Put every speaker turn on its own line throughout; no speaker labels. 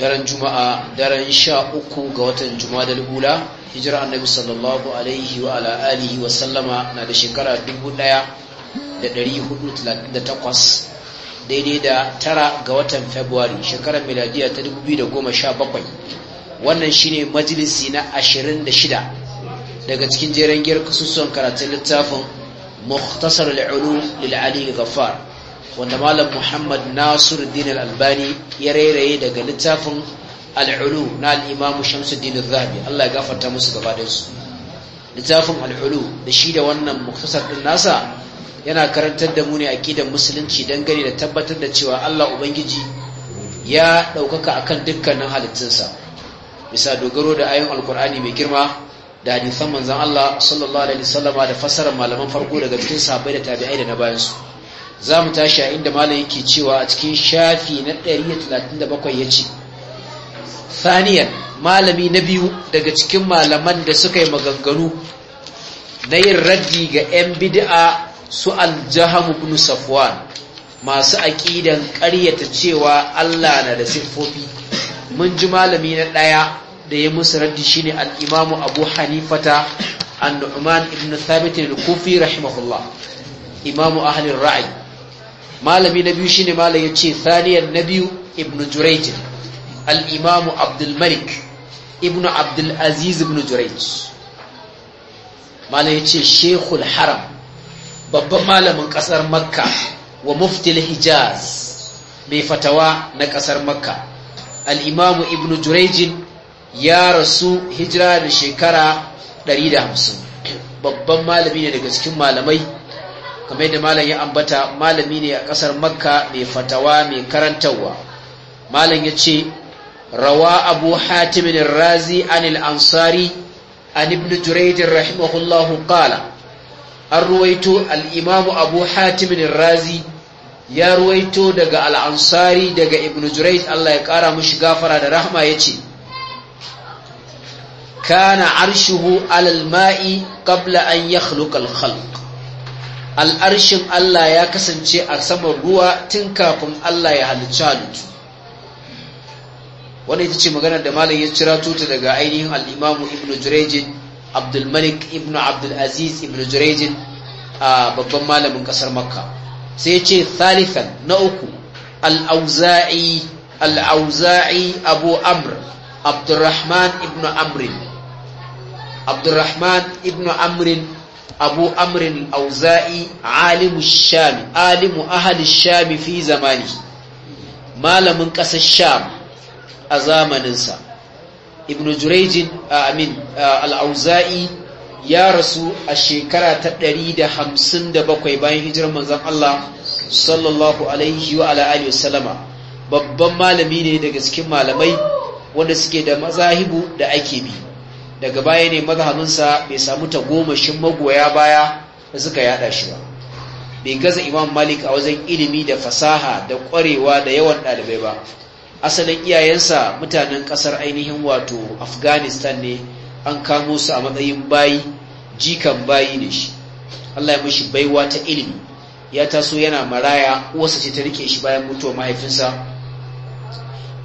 daren juma'a daren sha uku ga watan juma'a da lula hijira annabi sallallahu alaihi wa ala alihi wa sallama na da shekara takwas daidai da tara ga watan february shekarar miladiya ta da sha bakwai wannan shine majalisi na ashirin da shida daga cikin jeren giyar kasusuwan karatun littafin muhtasar al'ulu lil'ali gafar. wanda malam muhammad nasir din albani ya rairaye daga littafin al'ulu na al'imamu shamsuddin al-zahabi Allah ya gafarta musu su littafin al'ulu da shi da wannan muktasar din nasa yana karantar da mu ne aƙidar musulunci dangane da tabbatar da cewa Allah ubangiji ya ɗaukaka akan dukkanin halittunsa bisa dogaro da ayon alkur'ani mai girma da hadisan manzon Allah sallallahu alaihi wasallama da fassarar malaman farko daga cikin sahabbai da tabi'ai da na bayansu za mu tashi a inda malam yake cewa a cikin shafi na 137 ya ce Saniyar malami na biyu daga cikin malaman da suka yi maganganu na yin raddi ga 'yan bid'a su aljahamu bin safwan masu aƙidan ƙaryata cewa Allah na da siffofi mun ji malami na ɗaya da ya musu raddi shine al-imamu abu hanifata an-nu'man ibn thabit al-kufi rahimahullah imamu ahlin ra'ayi malami na biyu shine malam yace thaniyar na biyu ibnu jurayj al-imam abdul malik ibnu abdul aziz ibnu jurayj malam yace sheikhul haram babban malamin kasar makka wa muftil hijaz mai fatawa na kasar makka al-imam ibnu jurayj ya rasu hijira da shekara 150 babban malami ne daga cikin malamai kamar yadda malam ya ambata malami ne a ƙasar makka mai fatawa mai karantarwa malam ya ce rawa abu hatimin razi anil ansari an ibn juraidin rahimahullahu qala an ruwaito al'imamu abu hatimin razi ya ruwaito daga al'ansari daga ibn juraid Allah ya ƙara mushi gafara da rahma ya ce kana arshuhu alal ma'i qabla an yakhluqa al-khalq al'arshin Allah ya kasance a saman ruwa tun kafin Allah ya halicci halittu wani ita ce maganar da malam ya cira tuta daga ainihin al'imamu ibn jurejin abdulmalik ibn abdulaziz ibn jurejin a babban malamin ƙasar makka sai ce thalithan na uku al'auza'i abu amr abdurrahman ibn amrin abdurrahman ibn amrin abu amrin auza'i alimu shami alimu shami fi zamani malamin ƙasar sham a zamaninsa ibn jurejin amin al'auza'i ya rasu a shekara ta 157 bayan hijirar manzan Allah sallallahu alaihi wa ala'ali wasallama babban malami ne daga cikin malamai wanda suke da mazahibu da ake bi daga baya ne mazhabinsa bai samu tagomashin magoya baya da suka yada shi ba bai gaza imam malik a wajen ilimi da fasaha da kwarewa da yawan ɗalibai ba asalin iyayensa mutanen ƙasar ainihin wato afghanistan ne an kamo su a matsayin bayi jikan bayi ne shi allah ya mishi baiwa ta ilimi ya taso yana maraya uwarsa ce ta rike shi bayan mutuwa mahaifinsa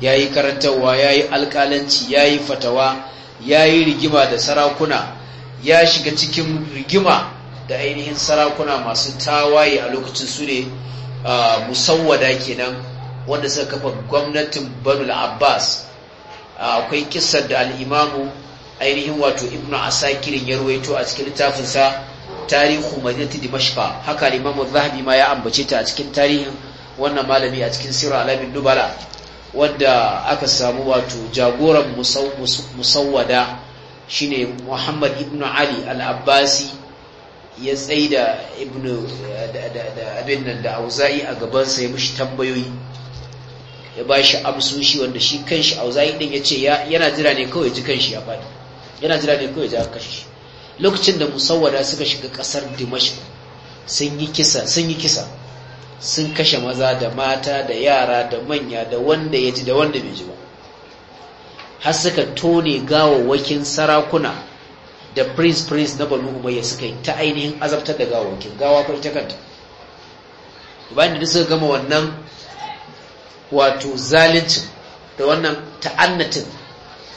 ya yi karantarwa ya yi alƙalanci ya yi fatawa ya yi rigima da sarakuna ya shiga cikin rigima da ainihin sarakuna masu tawaye a lokacin su ne musawwada kenan wanda suka kafa gwamnatin banul abbas akwai kisar da al'imamu ainihin wato Ibnu asakirin ya ruwaito a cikin littafinsa tarihu madinati dimashqa haka al-imamu zahabi ma ya ambace ta a cikin tarihin wannan malami a cikin sirra alamin dubala wadda aka samu wato jagoran musawwada shine Muhammad ibn Ali al-Abbasi ya tsaida ibn eh, da abin nan da Auza'i a gabansa ya mishi tambayoyi ya ba shi amsoshi wanda shi kanshi Auza'i din ya ce yana jira ne kawai ji kanshi ya fadi yana jira ne kawai ji kanshi lokacin da musawwada suka shiga kasar Dimashq sun yi kisa sun yi kisa sun kashe maza da mata da yara da manya da wanda ya ji da wanda bai ji ba har suka tone wakin sarakuna da prince prince na banu ya suka yi ta ainihin azabtar da wakin gawa ko ita kanta bayan da suka gama wannan wato zalincin da wannan ta'annatin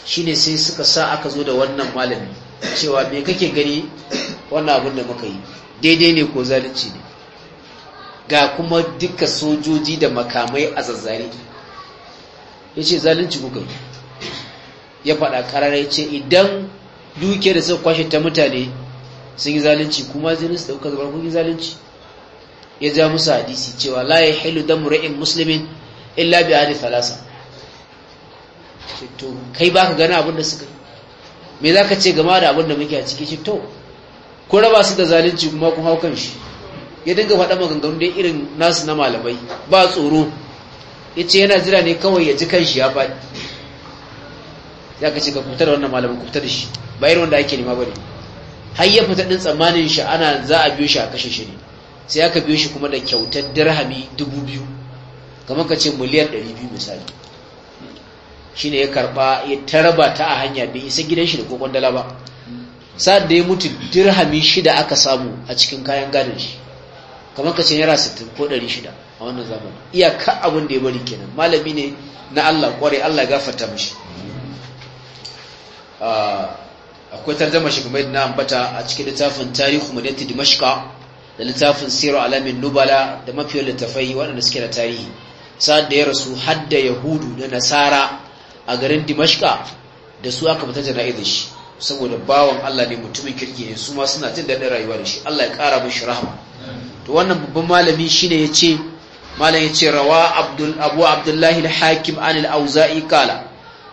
shine sai suka sa aka zo da wannan malami cewa me kake gani wannan abin da muka yi daidai ne ko zalunci ne ga kuma duka sojoji da makamai a zazzare ya ce zalunci kuka ya faɗa ya ce idan duke da suka kwashe ta mutane sun yi zalunci kuma zai nisa ɗauka zabar kun yi zalunci ya ja musu hadisi cewa la ya hailu don mura'in musulmin illa bi hadi falasa to kai baka gana abin da suka me za ka ce game da abin da muke a ciki shi to ko raba su da zalunci kuma kun hau kan shi ya dinga faɗa maganganu dai irin nasu na malamai ba tsoro ya ce yana jira ne kawai ya ji kan shi ya faɗi ya kashe ka kubuta da wannan malamin kubuta da shi ba irin wanda ake nema ba ne har ya fita ɗin tsammanin shi ana za a biyo shi a kashe shi ne sai aka biyo shi kuma da kyautar dirhami dubu biyu kamar ka ce miliyan ɗari biyu misali shine ya karɓa ya taraba ta a hanya bai isa gidan shi da kokon dala ba sa'ad da ya mutu dirhami shida aka samu a cikin kayan gadon shi kamar ka ce naira 60 ko 600 a wannan zamani iyaka abin da ya bari kenan malami ne na Allah kware Allah ya gafarta mashi. Ah, akwai tarjama shi kuma na ambata a cikin littafin tarihu madinati dimashqa da littafin siru alamin nubala da mafiyar littafai waɗanda suke da tarihi sa'ad da ya rasu hadda yahudu da nasara a garin Dimashka, da su aka fita jana'izar shi saboda bawan Allah ne mutumin kirki ne su ma suna jin daɗin rayuwa da shi Allah ya ƙara mashi rahama to wannan babban malami shine yace malam yace rawa abdul abu abdullahi al-hakim an al-auza'i qala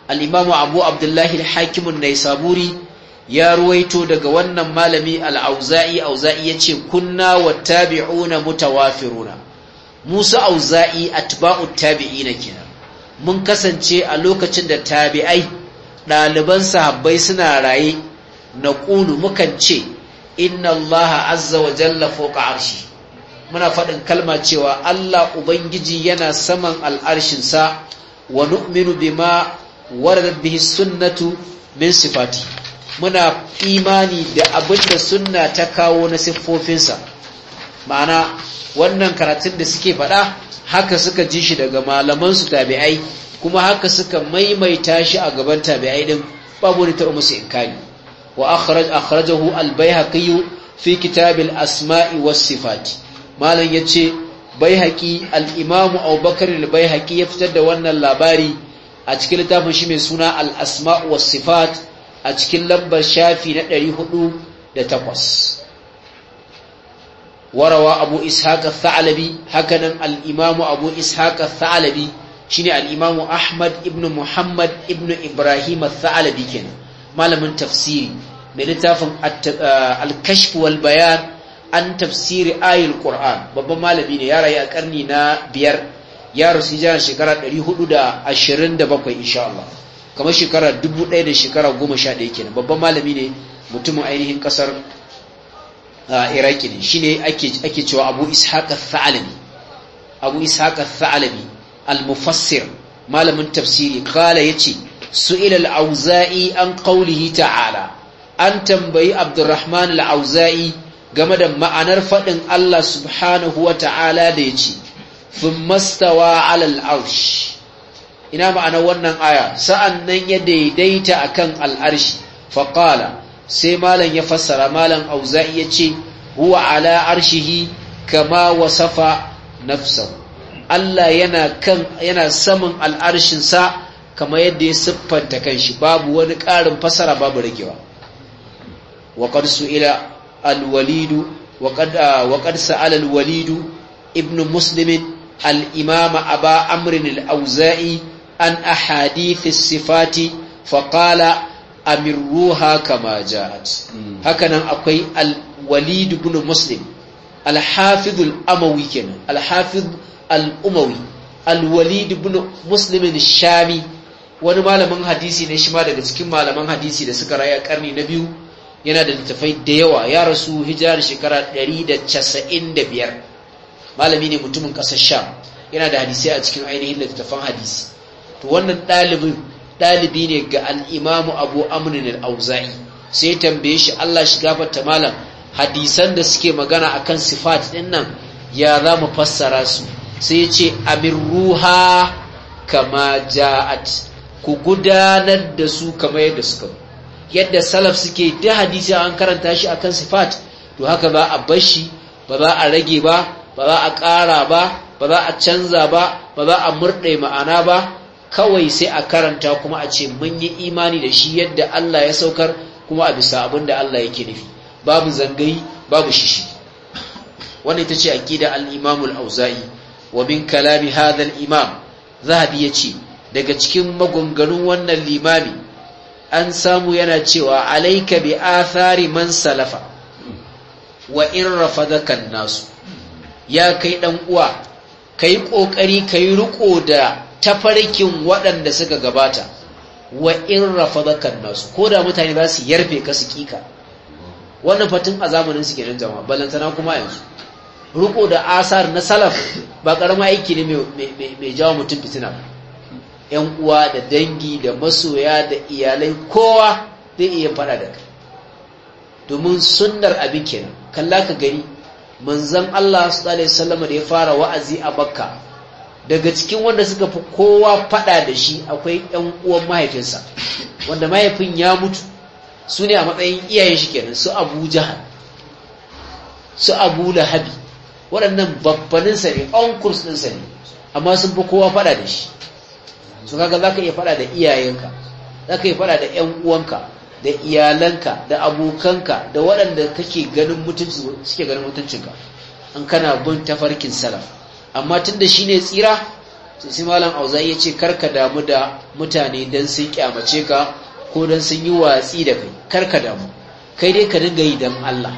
al-imamu abu abdullahi al-hakim an-naisaburi ya ruwaito daga wannan malami al-auza'i auza'i yace kunna wa tabi'una mutawafiruna musa auza'i atba'u tabi'ina kenan mun kasance a lokacin da tabi'ai ɗaliban sahabbai suna raye na ƙunu mukan ce inna allaha azza wa jalla foka arshi muna faɗin kalma cewa Allah Ubangiji yana saman al'arshinsa wa nu'minu bima waradat bihi sunnatu min sifati muna imani da abinda da sunna ta kawo na siffofinsa ma'ana wannan karatun da suke faɗa haka suka ji shi daga malamansu tabi'ai kuma haka suka maimaita shi a gaban tabi'ai din babu ne ta musu inkari wa akhrajahu al-baihaqi fi kitabil asma'i was sifati malam ya ce bai haƙi al'imamu abubakar bai haƙi ya fitar da wannan labari a cikin littafin shi mai suna al'asma'u was sifat a cikin lambar shafi na 408 warawa abu ishaq al hakanan al'imamu abu ishaq al shine al'imamu ahmad ibn muhammad ibn ibrahim al kenan malamin tafsiri mai littafin al-kashf wal bayan an tafsiri ayil qur'an babban malami ne ya rayu a karni na biyar ya rasu jihar shekara 427 insha Allah kamar shekara 1000 da shekara 11 kenan babban malami ne mutumin ainihin kasar iraki ne shine ake ake cewa abu ishaq al-thalabi abu ishaq al-thalabi al-mufassir malamin tafsiri qala yace su'ila al-auza'i an qawlihi ta'ala an tambayi abdurrahman al-auza'i game da ma'anar faɗin Allah subhanahu wa ta'ala da ya ce fin mastawa alal arshi ina ma'anar wannan aya sa'an nan ya daidaita a kan al'arshi faƙala sai malam ya fassara malam auza'i ya ce huwa ala arshihi kama wasafa nafsa Allah yana kan yana saman al'arshinsa kama yadda ya siffanta kanshi babu wani ƙarin fasara babu ragewa wa ƙarsu ila. Alwalidu, waƙarsa Alalwalidu, Ibnu wa qad al imam aba amr al-auza'i an ahadith as-sifati fa qala kama ja'at hakanan akwai al-walid muslim al amawi kenan al al-umawi al-walid ibn muslim shami wani malamin hadisi ne shi ma daga cikin malaman hadisi da suka raya ƙarni na biyu yana da littafai da yawa ya rasu hijira da shekara 195 malami ne mutumin ƙasar sham yana da hadisai a cikin ainihin littafan hadisi to wannan ɗalibin ɗalibi ne ga al'imamu abu amrin al'auza'i sai tambaye shi allah shi gafarta malam hadisan da suke magana akan sifat din nan ya za mu fassara su sai ya ce amin ruha kama ja'at ku gudanar da su kamar yadda suka yadda salaf suke da hadisi an karanta shi akan sifat to haka ba a bar shi ba za a rage ba ba za a ƙara ba ba za a canza ba ba za a murɗe ma'ana ba kawai sai a karanta kuma a ce mun yi imani da shi yadda Allah ya saukar kuma a bisa abin da Allah yake nufi babu zangayi babu shishi wannan ita ce aqida al-Imam al-Auza'i wa min kalami hadha al-Imam Zahabi yace daga cikin magunganun wannan limami an samu yana cewa alaika bi athari man salafa wa in rafadaka nasu ya kai dan uwa kai kokari kai riko da tafarkin waɗanda suka gabata wa in rafadaka nasu koda mutane za su yarfe ka su kika wannan fatin a zamanin su kenan jama'a balantana kuma yanzu riko da asar na salaf ba karama aiki ne mai jawo mutum fitina ba 'yan uwa da dangi da masoya da iyalai kowa zai iya faɗa da kai domin sunnar abin kenan kalla ka gani manzon Allah su alaihi da ya fara wa'azi a Makka daga cikin wanda suka fi kowa faɗa da shi akwai 'yan uwan mahaifinsa wanda mahaifin ya mutu su ne a matsayin iyayen shi kenan su Abu su Abu Lahabi waɗannan babbaninsa ne onkurs ɗinsa ne amma sun fi kowa faɗa da shi su kaga zaka iya fada da iyayenka zaka iya fada da 'yan uwanka da iyalanka da abokanka da waɗanda kake ganin mutunci suke ganin mutuncinka an kana bin tafarkin salaf amma tunda shine tsira sai sai malam auza ya ce karka damu da mutane dan sun kyamace ka ko dan sun yi watsi da kai kar ka damu kai dai ka dinga yi dan Allah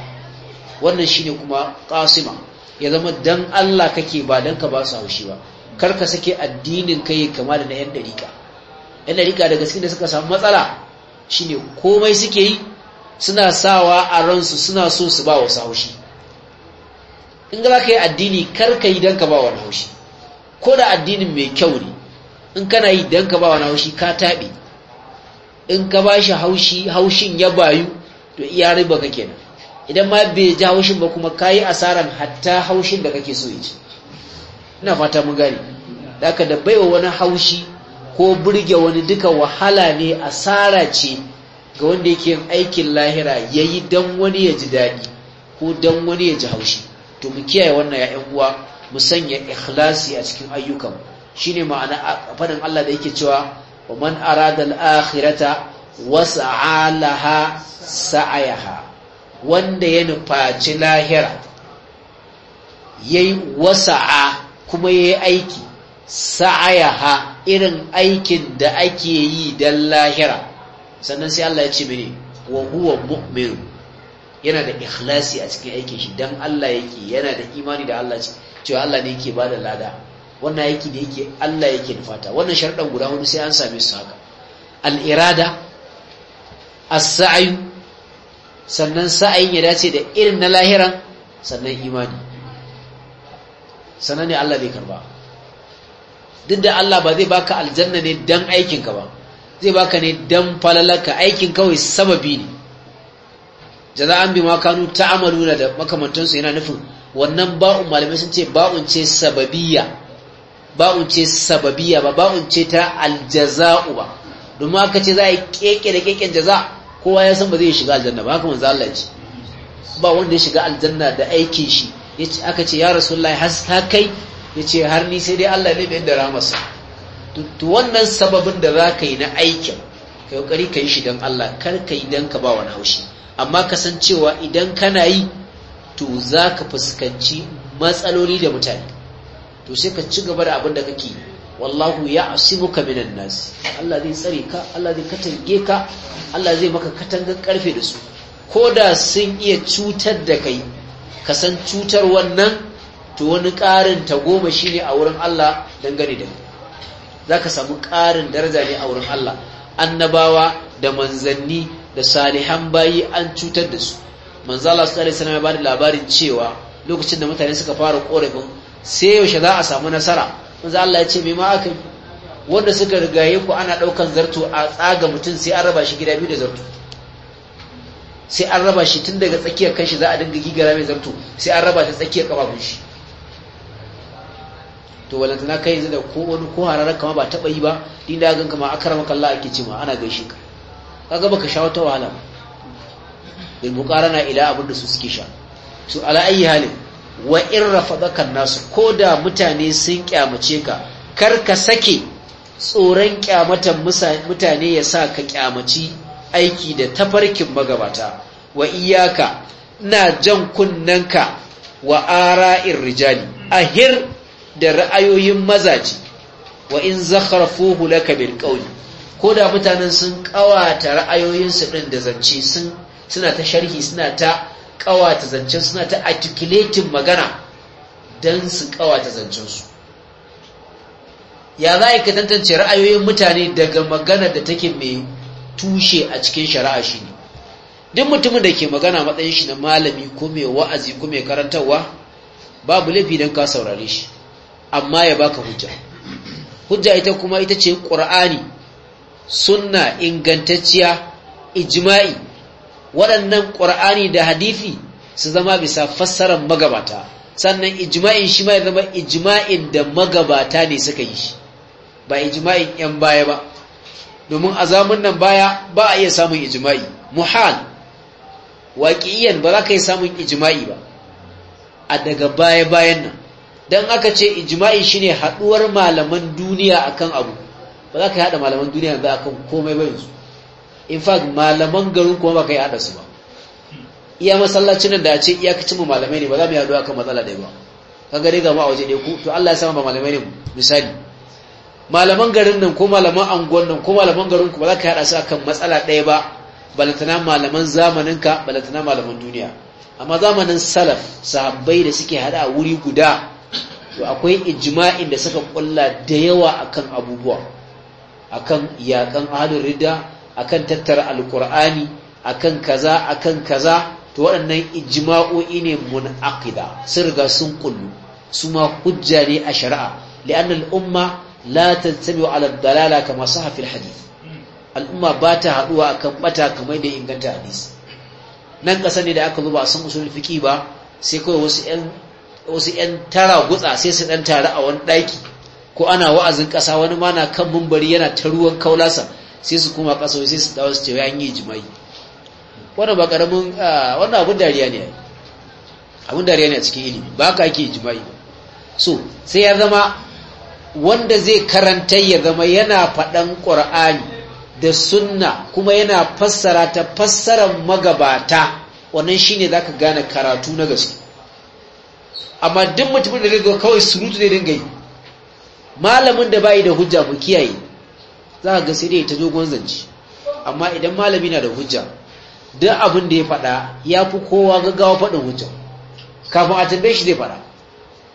wannan shine kuma kasima ya zama dan Allah kake ba dan ka ba su haushi ba kar ka sake addinin kai kama da na yan dariƙa yan dariƙa da gaske da suka samu matsala shine komai suke yi suna sawa a ransu suna so su ba wasu haushi in ga ka yi addini kar ka yi don ka ba wani haushi ko da addinin mai kyau ne in kana yi don ka ba wani haushi ka taɓe in ka ba shi haushi haushin ya bayu to iya riba ka kenan idan ma bai ji haushin ba kuma ka yi asaran hatta haushin da kake so ya ce ina fata mun gane da aka da baiwa wani haushi ko burge wani duka wahala ne asara ce ga wanda yake yin aikin lahira ya yi don wani ya ji daɗi ko don wani ya ji haushi to mu kiyaye wannan ya'yan uwa mu sanya ikhlasi a cikin ayyukan shine ma'ana a faɗin Allah da yake cewa wa man arada al-akhirata wasa'a laha sa'ayaha wanda ya nufaci lahira yayi wasa'a kuma ya yi aiki sa'ayaha irin aikin da ake yi don lahira sannan sai Allah ya ce mene wa huwa mu'min yana da ikhlasi a cikin aikin shi don Allah yake yana da imani da Allah ce, cewa Allah ne yake bada lada wannan aiki da yake Allah yake nufata wannan sharɗan guda wani sai an same su haka al-irada as sannan sa'ayin ya dace da irin na lahiran sannan imani sannan ne Allah zai karba duk da Allah ba zai baka aljanna ne dan aikinka ba zai baka ne dan falalaka aikin kawai sababi ne jaza'an bima kanu ta'amaluna da makamantansu yana nufin wannan ba'un malamai sun ce ba'un ce sababiyya ba'un ce sababiyya ba ba'un ce ta aljaza'u ba domin aka ce za a yi keke da keken jaza kowa ya san ba zai shiga aljanna ba haka manzo Allah ce ba wanda ya shiga aljanna da aikin shi yace aka ce ya rasulullahi haska kai yace har ni sai dai Allah ne bai da ramasa. to wannan sababin da zaka yi na aikin ka kokari ka yi shi dan Allah kar ka yi dan ka ba wani haushi amma kasancewa idan kana yi to zaka fuskanci matsaloli da mutane to sai ka ci gaba da abin da kake wallahu ya asibuka minan nas Allah zai tsare ka Allah zai katange ka Allah zai maka katangar karfe da su ko da sun iya cutar da kai ka san cutar wannan to wani ƙarin ta goma shine a wurin Allah dangane da mu za ka samu ƙarin daraja ne a wurin Allah annabawa da manzanni da salihan bayi an cutar da su manzo Allah sallallahu alaihi wasallam ya bada labarin cewa lokacin da mutane suka fara korafin sai yaushe za a samu nasara manzo Allah ya ce me ma aka wanda suka rigaye ku ana daukan zarto a tsaga mutum sai an raba shi gida biyu da zarto sai an raba shi tun daga tsakiyar shi za a dinga gigara mai zarto sai an raba ta tsakiyar kafafun shi to walantana kai yanzu da ko wani ko hararar kama ba taɓa yi ba din da gan kama akara maka Allah ake cewa ana gaishe ka kaga baka sha wata wahala ba bil muqarana ila abin da su suke sha to ala ayi halin wa in rafadaka nasu da mutane sun kyamace ka kar ka sake tsoron kyamatan mutane ya sa ka kyamaci aiki da tafarkin magabata wa iyaka na jan kunnanka wa ara'ir rijali ahir da ra'ayoyin mazaji wa in zakharfuhu laka bil qawli ko da mutanen sun kawata ra'ayoyinsu din da zance sun suna ta sharhi suna ta kawata zancen suna ta articulating magana don su kawata zancensu ya za ka tantance ra'ayoyin mutane daga magana da take mai tushe a cikin shari'a shi ne duk mutumin da ke magana matsayin shi na malami ko mai wa'azi ko mai karantarwa babu laifi don ka saurare shi amma ya baka hujja hujja ita kuma ita ce ƙur'ani sunna ingantacciya ijima'i. waɗannan ƙur'ani da hadifi su zama bisa fassarar magabata sannan ijma'in shi ma ya zama ijma'in da magabata ne suka yi shi ba ijma'in 'yan baya ba domin a zamun nan baya ba a iya samun ijima'i muhal waƙiyan ba za ka yi samun ijima'i ba a daga baya-bayan nan don aka ce ijima'i ne haɗuwar malaman duniya a kan abu ba za ka yi haɗa malaman duniya yanzu kan komai ba yanzu in fact malaman garin kuma ba ka yi haɗa su ba iya masallacin nan da a ce iyakacin mu malamai ne ba za mu yi haɗuwa kan matsala ɗaya ba kaga dai gama a waje ɗaya ku to Allah ya sama ba malamai ne misali malaman garin nan ko malaman anguwan nan ko malaman garin ku ba za ka haɗa su kan matsala ɗaya ba balantana malaman zamaninka balantana malaman duniya amma zamanin salaf sahabbai da suke haɗa a wuri guda to akwai ijma'in da suka kulla da yawa akan abubuwa akan yakan ahlur rida akan tattara alqur'ani akan kaza akan kaza to waɗannan ijma'o'i ne munaqida sun riga sun kullu su ma hujja ne a shari'a li'anna al-umma la tajtabi'u على dalala كما صح في الحديث al'umma ba ta haduwa akan bata kamar da inganta نانك nan دي ne da aka zo ba san usulul fiqi ba sai kawai wasu yan wasu tara gutsa sai su dan tare a wani ko ana wa'azin kasa wani ma na kan mumbari yana ta ruwan kaulasa sai su kuma kasa sai su dawo su ce yan yi jima'i wannan ba karamin wannan abun dariya ne abun dariya ne a cikin ilimi ba ka ake jima'i so sai ya zama wanda zai karanta ya zama yana faɗan ƙur'ani da sunna kuma yana fassara ta fassarar magabata wannan shine ka gane karatu na gaske amma duk mutumin da ga kawai surutu ne dinga yi malamin da bai da hujja mu kiyaye za ka gasi dai ta dogon zance amma idan malami na da hujja duk abin da ya faɗa ya fi kowa gaggawa faɗin hujja kafin a tambaye shi zai faɗa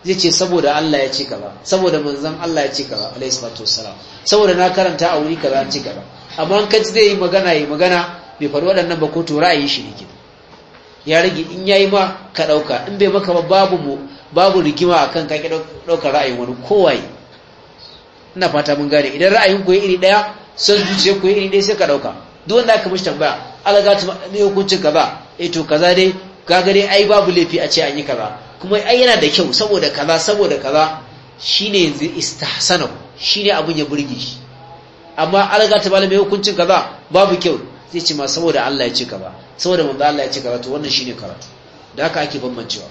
zai ce saboda Allah ya ce kaza saboda manzon Allah ya ce kaza alayhi salatu wassalam saboda na karanta a wuri kaza an ce kaza amma an kace zai yi magana yi magana bai faru waɗannan ba ko to ra'ayi shi ne ya rage in yayi ma ka dauka in bai maka ba babu mu babu rigima akan ka ki dauka ra'ayin wani kowaye ina fata mun gane idan ra'ayin ku iri daya son zuciya ku iri daya sai ka dauka duk wanda aka mishi tambaya ta me hukuncin kaza eh to kaza dai kaga dai ai babu laifi a ce an yi kaza kuma ai yana da kyau saboda kaza saboda kaza shine yanzu istahsana shine abin ya burge shi amma alga ta malamai hukuncin kaza babu kyau zai ce ma saboda Allah ya ce kaza saboda manzo Allah ya ce kaza to wannan shine karatu da haka ake bambancewa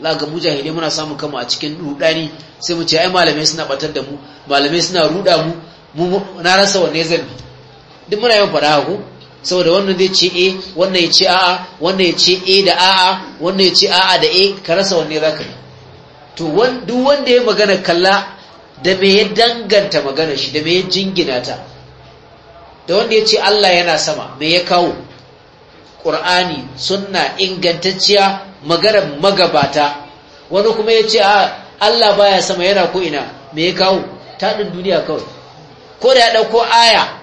la ga mujahidai muna samu kama a cikin rudani sai mu ce ai malamai suna batar da mu malamai suna ruda mu na rasa wanne zan duk muna yawan fara ko. saboda wannan zai ce e wannan ya ce a'a wannan ya ce e da a'a wannan ya ce a'a da e ka rasa wanne ka yi to duk wanda ya magana kalla da me ya danganta magana shi da me ya jingina ta da wanda ya ce Allah yana sama me ya kawo ƙur'ani sunna ingantacciya magana magabata wani kuma ya ce a Allah baya sama yana ko ina me ya kawo ta duniya kawai ko da ya ɗauko aya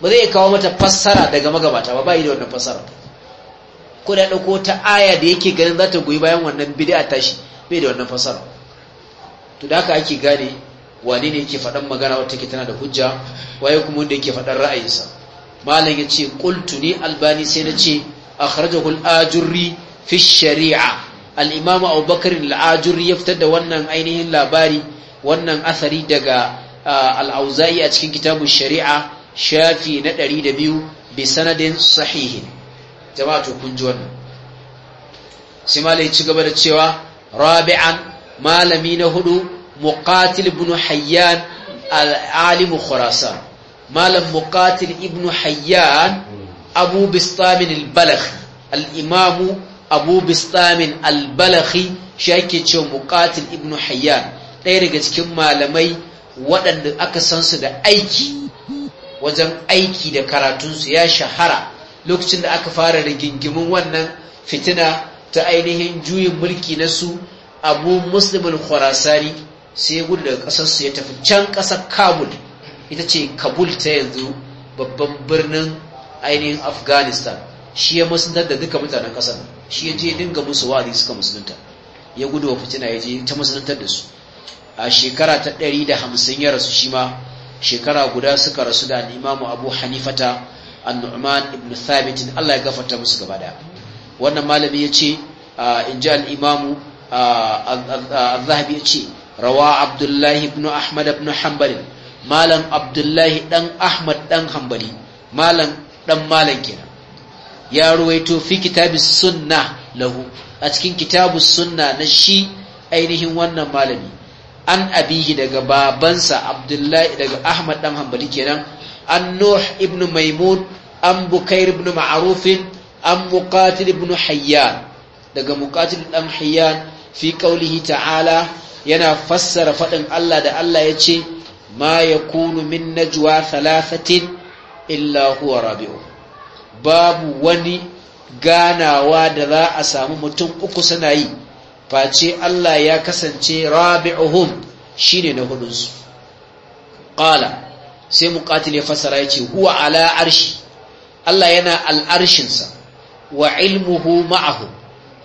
ba zai kawo mata fassara daga magabata ba bai da wannan fassara ko da dauko ta aya da yake ganin za ta goyi bayan wannan bid'a tashi bai da wannan fassara to da haka ake gane wani ne yake faɗan magana wata take tana da hujja waye kuma wanda yake faɗan ra'ayinsa malam yace qultu ni albani sai na ce akhrajahu al-ajurri fi shari'a al-imam abubakar al-ajurri ya fitar da wannan ainihin labari wannan asari daga ah, al-auza'i a cikin kitabun shari'a shafi na ɗari bi sanadin sahihin jama'a to kun ji wannan sai malai ci gaba da cewa rabi'an malami na hudu muqatil ibn hayyan al-alim khurasan malam muqatil ibn hayyan abu bistamin al-balakhi al-imamu abu bistamin al-balakhi shi ake cewa muqatil ibn hayyan ɗaya daga cikin malamai waɗanda aka san su da aiki wajen aiki da karatunsu ya shahara lokacin da aka fara rigingimin wannan fitina ta ainihin juyin mulki na su abu muslimin khurasani sai gudu daga ƙasarsu ya tafi can ƙasar kabul ita ce kabul ta yanzu babban birnin ainihin afghanistan shi ya musulunta da duka mutanen ƙasar shi ya je dinga musu wa'azi suka musulunta ya gudu wa fitina ya je ta musuluntar da su a shekara ta 150 ya rasu shi ma shekara guda suka rasu da imamu abu hanifata annu'man ibn Thabitin. Allah ya gafarta musu gaba daya wannan malami ya ce in ji al'imamu al-zahabi ya ce rawa abdullahi ibn ahmad ibn hanbali malam abdullahi dan ahmad dan hanbali malam dan malam kenan ya ruwaito fi kitabi sunna lahu a cikin kitabu sunna na shi ainihin wannan malami an abihi daga babansa abdullahi daga ahmad dan hanbali kenan an nuh ibn maimun an bukair ibn ma'ruf an muqatil ibn hayyan daga muqatil dan hayyan fi qawlihi ta'ala yana fassara fadin Allah da Allah ya ce ma ya min najwa thalathatin illa huwa rabi'u babu wani ganawa da za a samu mutum uku suna yi face Allah ya kasance rabi'uhum shine na hudunsu qala sai muqatil ya fasara yace huwa ala arshi Allah yana al'arshinsa wa ilmuhu ma'ahu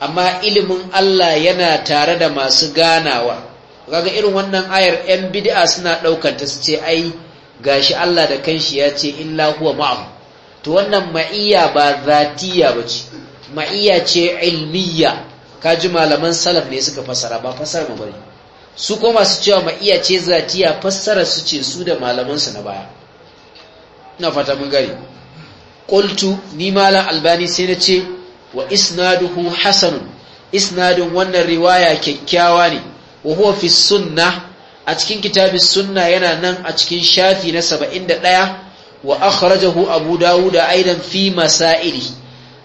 amma ilimin Allah yana tare da masu ganawa kaga irin wannan ayar yan bid'a suna daukar ta su ce ai gashi Allah da kanshi ya ce illa huwa ma'ahu to wannan ma'iyya ba zatiya bace ma'iyya ce ilmiyya Ka ji malaman salaf ne suka fassara ba fassara mu bane su ko masu cewa ma iya ce zatiya fassara su ce su da malaman su na baya ina fata mun gari qultu ni malam albani sai na ce wa isnaduhu hasan isnadin wannan riwaya kyakkyawa ne wa huwa fi sunnah a cikin kitabi sunna yana nan a cikin shafi na 71 wa akhrajahu abu dawud aidan fi masailihi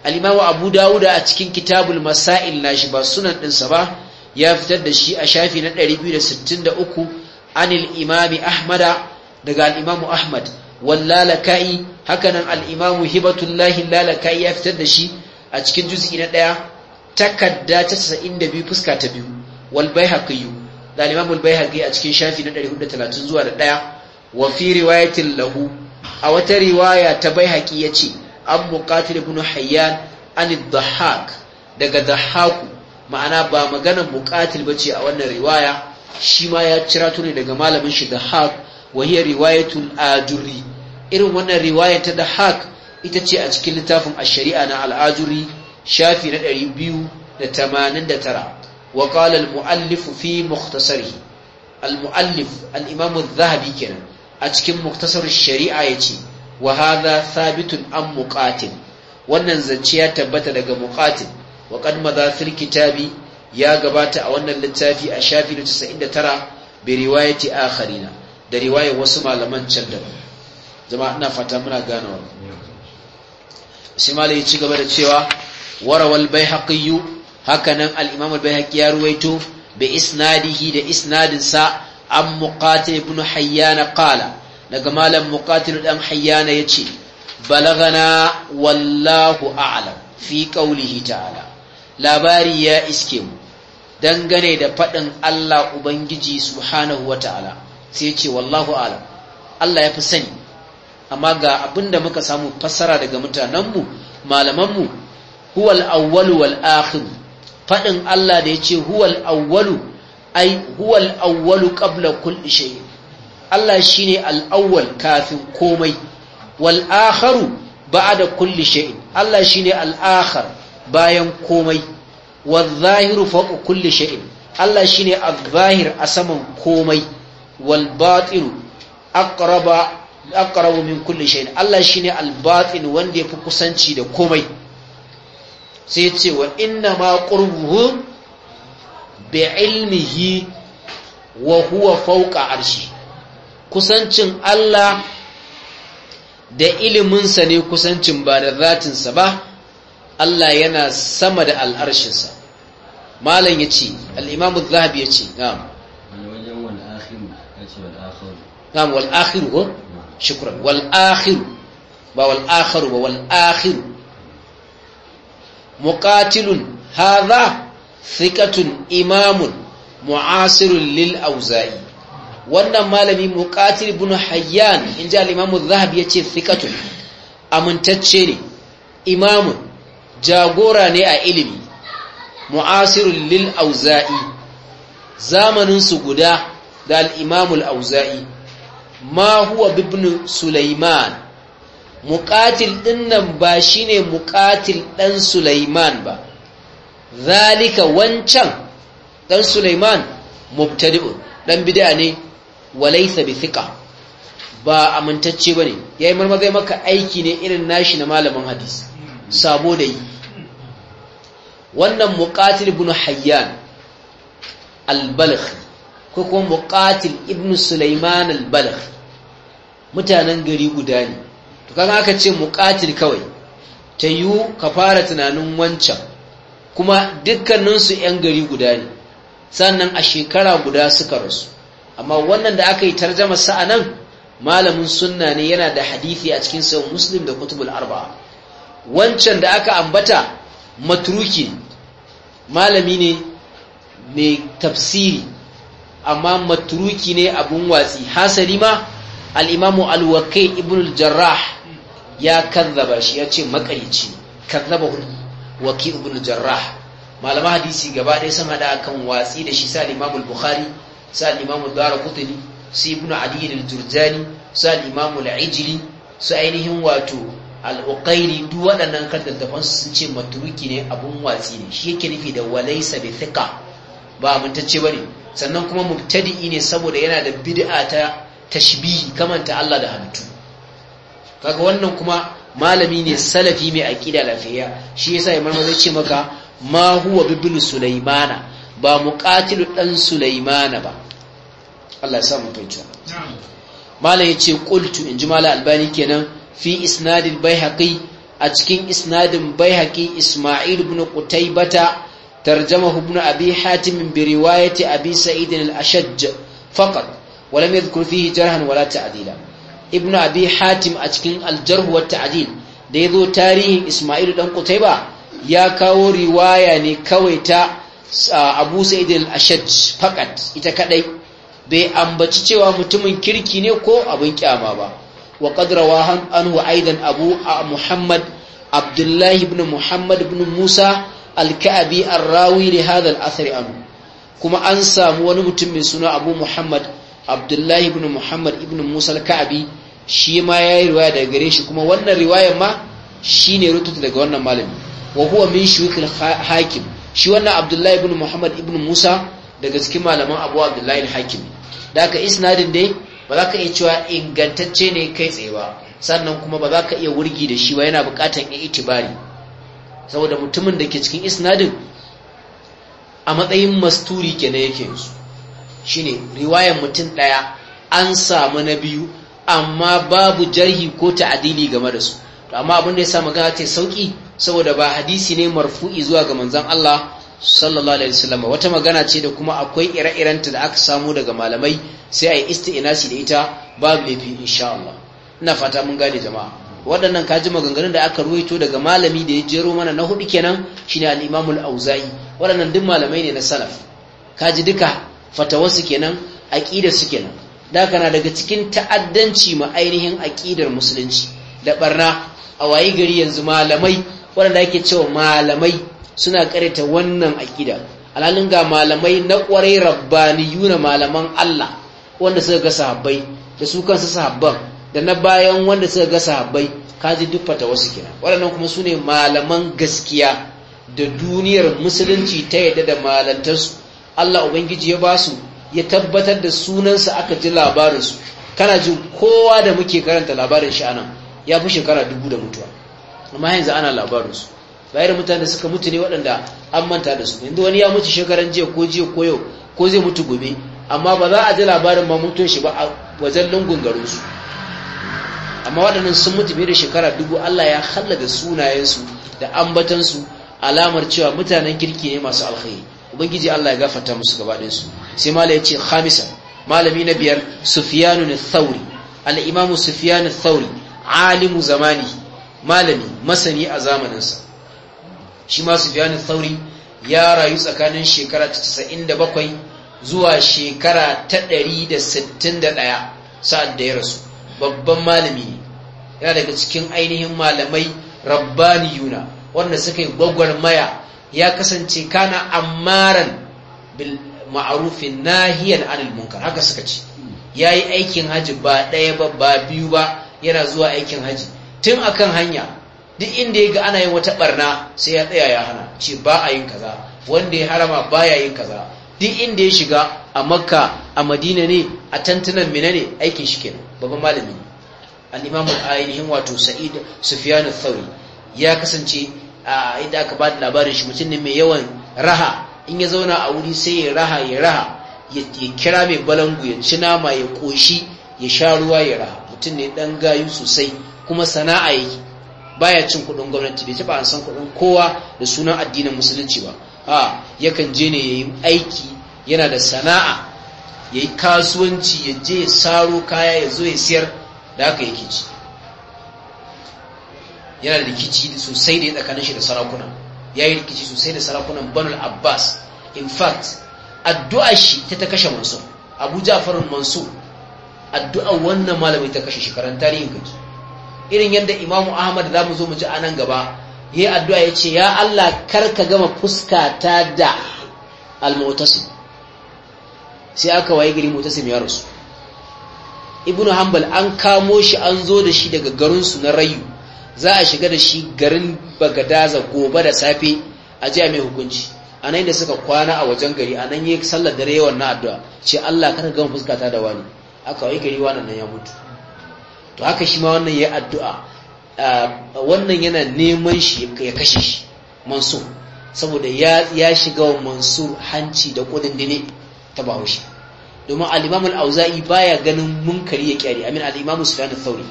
al-imamu abu dawuda a cikin kitabul masail nashi ba sunan ɗinsa ba ya fitar da shi a shafi na 263 anil imami ahmada daga al-imamu ahmad wallalaka'i hakanan al-imamu hibatullahi lalaka'i ya fitar da shi a cikin juz'i na ɗaya Takarda ta da biyu fuska ta biyu wal baihaqi da al-imamu al-baihaqi a cikin shafi na 430 zuwa da ɗaya wa fi riwayatin lahu a wata riwaya ta bai haƙi ya ce. an muqatil ibn hayyan an dhahak daga dhahaku ma'ana ba maganar muqatil bace a wannan riwaya shi ma ya cira ne daga malamin shi dhahak wa hiya riwayatul ajuri irin wannan riwaya ta dhahak ita ce a cikin littafin ash-shari'a na al-ajuri shafi na 289 وقال المؤلف al مختصره Zahabi kenan a cikin muktasar shari'a ya ce. wa hadha thabitun an muqatil wannan zance ya tabbata daga muqatil wa qad madha kitabi ya gabata a wannan littafi a shafi 99 bi riwayati akharina da riwayar wasu malaman can da jama'a ina fata muna gane wannan sai malai ci gaba da cewa warawal baihaqi hakanan al-imam al-baihaqi ya ruwaito bi isnadihi da isnadin sa an muqatil ibn hayyan qala daga malam muqatil dan hayyana yace balagana wallahu a'lam fi qawlihi ta'ala labari ya iske mu dangane da faɗin Allah ubangiji subhanahu ta'ala sai yace wallahu a'lam Allah ya fi sani amma ga abinda muka samu fassara daga mutanenmu malamanmu huwal awwalu wal akhir fadin Allah da yace huwal awwalu ai huwal awwalu qabla kulli shay'in Allah shine al al'awwal kafin komai wal akharu da kulli sha'in. Allah shine ne akhar bayan komai wal zahiru fawqa kulli Allah shi ne zahir a saman komai wal batiru aqraba min kulli sha'in. Allah shine al-batin wanda yafi kusanci da komai sai ya ce wa inna ma qurbuhu bi ilmihi wa huwa arshi kusancin Allah da iliminsa ne kusancin ba da zatinsa ba Allah yana sama da al'arshinsa malam ya ce al'imamu zahabi ya ce na'am na'am wal'akhiru ko? shukran wal'akhiru ba wal'akharu ba wal'akhiru muƙatilun haza thikatun imamun mu'asirun lil auza'i wannan malami muqatil ibn hayyan inji al-imam az-zahabi yace thiqatu amintacce ne imamun jagora ne a ilimi mu'asirul lil auza'i zamanin su guda da al-imam al-auza'i ma huwa ibn sulaiman muqatil dinnan ba shine muqatil dan sulaiman ba zalika wancan dan sulaiman mubtadi'un dan bid'a ne walaysa bi thiqa ba amintacce bane yayi marmazai maka aiki ne irin nashi na malamin hadisi sabo da yi wannan muqatil ibn hayyan al balghi ko kuma muqatil ibn sulaiman al balghi mutanen gari guda ne to kan aka ce muqatil kawai ta yu ka fara tunanin wancan kuma dukkaninsu 'yan gari guda ne sannan a shekara guda suka rasu amma wannan da aka yi tarjama sa nan malamin sunna ne yana da hadisi a cikin sahih muslim da kutubul arba'a wancan da aka ambata matruki malami ne mai tafsiri amma matruki ne abun watsi hasali ma al-imamu al-waqi ibn al-jarrah ya kazzaba shi ya ce makarici hu waqi ibn al-jarrah malama hadisi gaba ɗaya sun hada kan watsi da shi sa al-imamu al-bukhari sa al-imamu darqutni su ibnu ali al-jurjani su imamu al su ainihin wato al-uqaili duk waɗannan su sun ce maturuki ne abun watsi ne shi yake nufi da walaysa bi thiqa ba ne, bane sannan kuma mubtadi'i ne saboda yana da bid'a ta tashbihi kamanta Allah da halittu kaga wannan kuma malami ne salafi mai aƙida lafiya shi yasa imam zai ce maka ma huwa biblu sulaimana ba muqatilu dan sulaimana ba Allah ya sa mu fahimta malam yace qultu inji malam albani kenan fi isnadil baihaqi a cikin isnadin baihaqi isma'il ibn qutaybata tarjamahu ibn abi hatim bi riwayati abi sa'id al-ashajj faqat ولم يذكر فيه جرحا ولا تعديلا ابن abi hatim a cikin aljarh wa ta'dil da yazo tarihin Isma'il dan qutayba ya kawo riwaya ne kawai ta Ah, abu sa'id ashad fakat ita kadai bai ambaci cewa mutumin kirki ne ko abin kyama ba wa qad anhu aidan abu ah, muhammad abdullahi ibn muhammad ibn musa al-ka'bi rawi li hadha al-athari anhu kuma an samu wani mutum mai suna abu muhammad abdullahi ibn muhammad ibn musa al kaabi shi ma yayi riwaya daga gare shi kuma wannan riwayar ma shine rututa daga wannan malami wa huwa min shuyukh al-hakim shi wannan abdullahi ibn muhammad ibn musa daga cikin malaman abu abdullahi al-hakim da ka isnadin dai ba za ka iya cewa ingantacce ne kai tsaye ba sannan kuma ba za ka iya wurgi da shi ba yana buƙatar ya itibari saboda mutumin da ke cikin isnadin a matsayin masturi na yake yanzu shine riwayan mutum ɗaya an samu na biyu amma babu jarhi ko ta'adili game da su to amma abin da ya sa magana ce sauki saboda ba hadisi ne marfu'i zuwa ga manzon Allah sallallahu alaihi wasallam wata magana ce da kuma akwai ire-irenta da aka samu daga malamai sai ayi isti'nasi da ita babu laifi insha Allah ina fata mun gane jama'a waɗannan ka ji maganganun da aka ruwaito daga malami da ya jero mana na hudu kenan shine al-Imam al-Auza'i waɗannan duk malamai ne na salaf ji duka su kenan aqidar su kenan da kana daga cikin ta'addanci ma ainihin aqidar musulunci da barna a waye gari yanzu malamai waɗanda ake cewa malamai suna karanta wannan a gida alhalin ga malamai na ƙwarai yuna malaman Allah wanda suka ga sahabbai da su kansu sahabban da na bayan wanda suka ga sahabbai kaji fata wasu kina waɗannan kuma su ne malaman gaskiya da duniyar musulunci ta yadda da malantarsu Allah Ubangiji ya ba su ya tabbatar da sunansa aka ji labarinsu kana jin kowa da muke karanta labarin shi anan ya fi shekara dubu da mutuwa amma yanzu ana labarinsu bayar mutane suka mutu ne waɗanda an manta da su yanzu wani ya mutu shekaran jiya ko jiya ko yau ko zai mutu gobe amma ba za a ji labarin ba mutun shi ba a wajen lungun garinsu amma waɗannan sun mutu fiye da shekara dubu Allah ya sunayen sunayensu da ambatansu alamar cewa mutanen kirki ne masu alkhairi ubangiji Allah ya gafarta musu gabaɗin su sai mala ya ce khamisa malami na biyar Sufiyanu ne thauri al-imamu sufyanu thauri alimu zamani malami masani a zamaninsa shi ma biyanin tsauri ya rayu tsakanin shekara ta 97 zuwa shekara ta 161 sa'ad da ya rasu babban malami ne yana daga cikin ainihin malamai yuna, wanda suka yi gwagwarmaya ya kasance kana ammaran bil ma'arufin nahiyar anil munkar haka suka ce ya yi aikin hajji ba ɗaya ba ba biyu ba yana zuwa aikin haji tun akan hanya duk inda ya ga ana yin wata barna sai ya tsaya ya hana ce ba a yin kaza wanda ya harama ba ya yin kaza duk inda ya shiga a makka a madina ne a tantunan mina ne aikin shi kenan babban malami ne al-imamu ainihin wato sa'id sufyan thawri ya kasance a inda aka bada labarin shi mutum ne mai yawan raha in ya zauna a wuri sai ya raha ya raha ya kira mai balangu ya ci nama ya koshi ya sha ruwa ya raha mutum ne dan gayu sosai kuma sana'a yi baya cin kudin gwamnati bai taba san kudin kowa da sunan addinin musulunci ba a yakan je ne yayi aiki yana da sana'a yayi kasuwanci ya je ya saro kaya ya zo ya siyar da haka yake ci yana da rikici sosai da ya tsakanin shi da sarakuna ya yi rikici sosai da sarakunan banul abbas in fact addu'a shi ta ta kashe mansur abu ja'farun mansur addu'a wannan malamai ta kashe shekaran tarihin kake irin yadda imamu ahmad za mu zo mu ji anan gaba ya yi addu'a ya ce ya allah kar ka gama fuskata da almotasim sai aka waye gari motasim ya rasu ibnu hanbal an kamo shi an zo da shi daga garinsu na rayu za a shiga da shi garin bagadaza gobe da safe a jiya mai hukunci a nan da suka kwana a wajen gari a nan yi sallar dare yawan na addu'a ce allah kar ka gama fuskata da wani aka wai gari wannan ya mutu to haka shi ma wannan ya addu'a ah, wannan yana neman shi ya kashe shi mansur saboda ya shiga wa mansur hanci da kudin dine ta bahaushe domin al-imam al-auza'i baya ganin munkari ya kyari amin al-imam sufyan al-thawri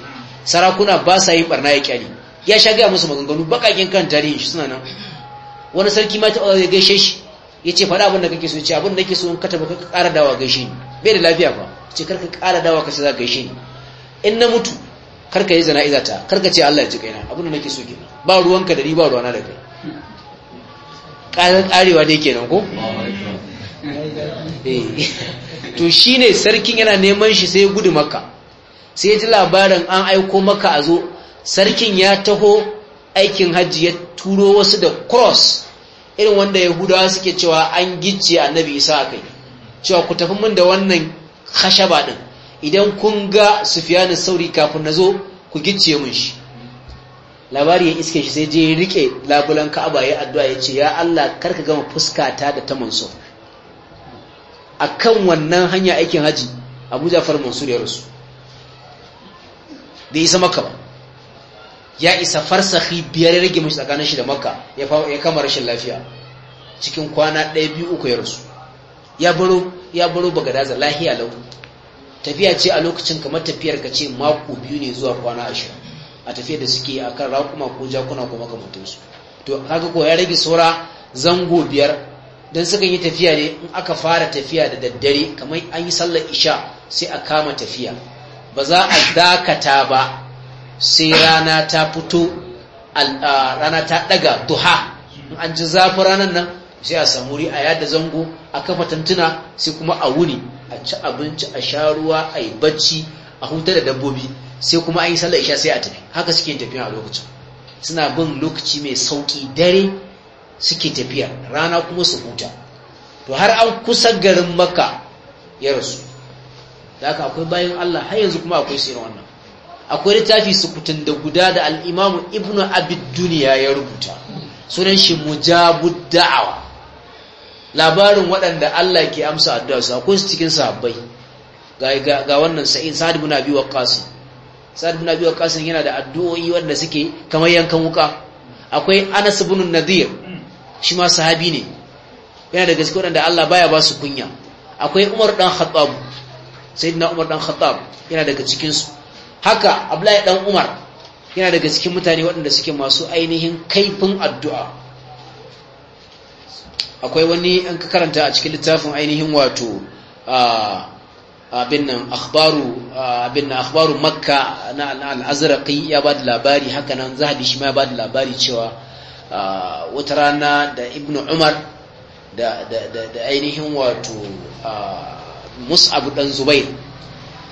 sarakuna ba sa yin barna ya kyari ya sha gaya musu maganganu bakakin kan tarihin shi suna nan wani sarki ma ta ya gaishe shi ya ce faɗa abin da kake so ce abin da kake so in ka taɓa ka ƙara dawa gaishe ni bai da lafiya ba ce karka ƙara dawa ka ce za ka yi shi ne. in na mutu karka yi zana'iza ta karka ce Allah ya ji kaina abin da nake so kenan ba ruwanka da ni ba ruwana da kai ƙarar ƙarewa dai kenan ko eh. to shi ne sarkin yana neman shi sai gudu maka sai ji labarin an aiko maka a zo sarkin ya taho aikin hajji ya turo wasu da cross irin wanda yahudawa suke cewa an gicce annabi isa a kai cewa ku tafi min da wannan khashaba din idan kun ga sufyan sauri kafin nazo ku gicce mun shi labari ya iske shi sai je ya rike labulan ka'aba ya addu'a ya ce ya Allah kar ka gama fuskata da ta mansur akan wannan hanya aikin haji Abu Ja'far Mansur ya rasu da isa maka ya isa farsahi biyar ya rage mashi tsakanin shi da maka ya kama rashin lafiya cikin kwana ɗaya biyu uku ya rasu ya baro ya baro daza, lahiya lau tafiya ce a lokacin kamar tafiyar ka ce mako biyu ne zuwa kwana ashirin a tafiyar da suke a kan rakuma ko jakuna ko makamantansu to haka ko ya rage saura zango biyar don sukan yi tafiya ne in aka fara tafiya da daddare kamar an yi sallar isha sai a kama tafiya ba za a dakata ba sai rana ta fito rana ta daga duha in an ji zafi ranar nan sai a samu wuri a yada zango a kafa tantuna sai kuma a wuni a ci abinci a sha ruwa a yi bacci a huta da dabbobi sai kuma an yi sallar isha sai a tafi haka suke tafiya a lokacin suna bin lokaci mai sauki dare suke tafiya rana kuma su huta to har an kusa garin maka ya rasu da haka akwai bayan Allah har yanzu kuma akwai su wannan akwai littafi sukutun da guda da al'imamu ibnu abid duniya ya rubuta sunan shi mujabud da'awa labarin waɗanda Allah ke amsa addu'a su akwai su cikin sahabbai ga wannan sa'in sa'ad bin abi waqqas sa'ad bin abi waqqas yana da addu'o'i wanda suke kamar yankan wuka akwai Anas bin Nadir shi ma sahabi ne yana da gaske waɗanda Allah baya ba su kunya akwai Umar dan Khattab sayyidina Umar dan Khattab yana daga cikin su haka Abdullahi dan Umar yana daga cikin mutane waɗanda suke masu ainihin kaifin addu'a akwai wani an ka karanta a cikin littafin ainihin wato abin nan akhbaru abin nan akhbaru makka na al-azraqi ya bada labari haka nan zahabi shi ma ya bada labari cewa wata rana da ibnu umar da da ainihin wato mus'ab dan zubair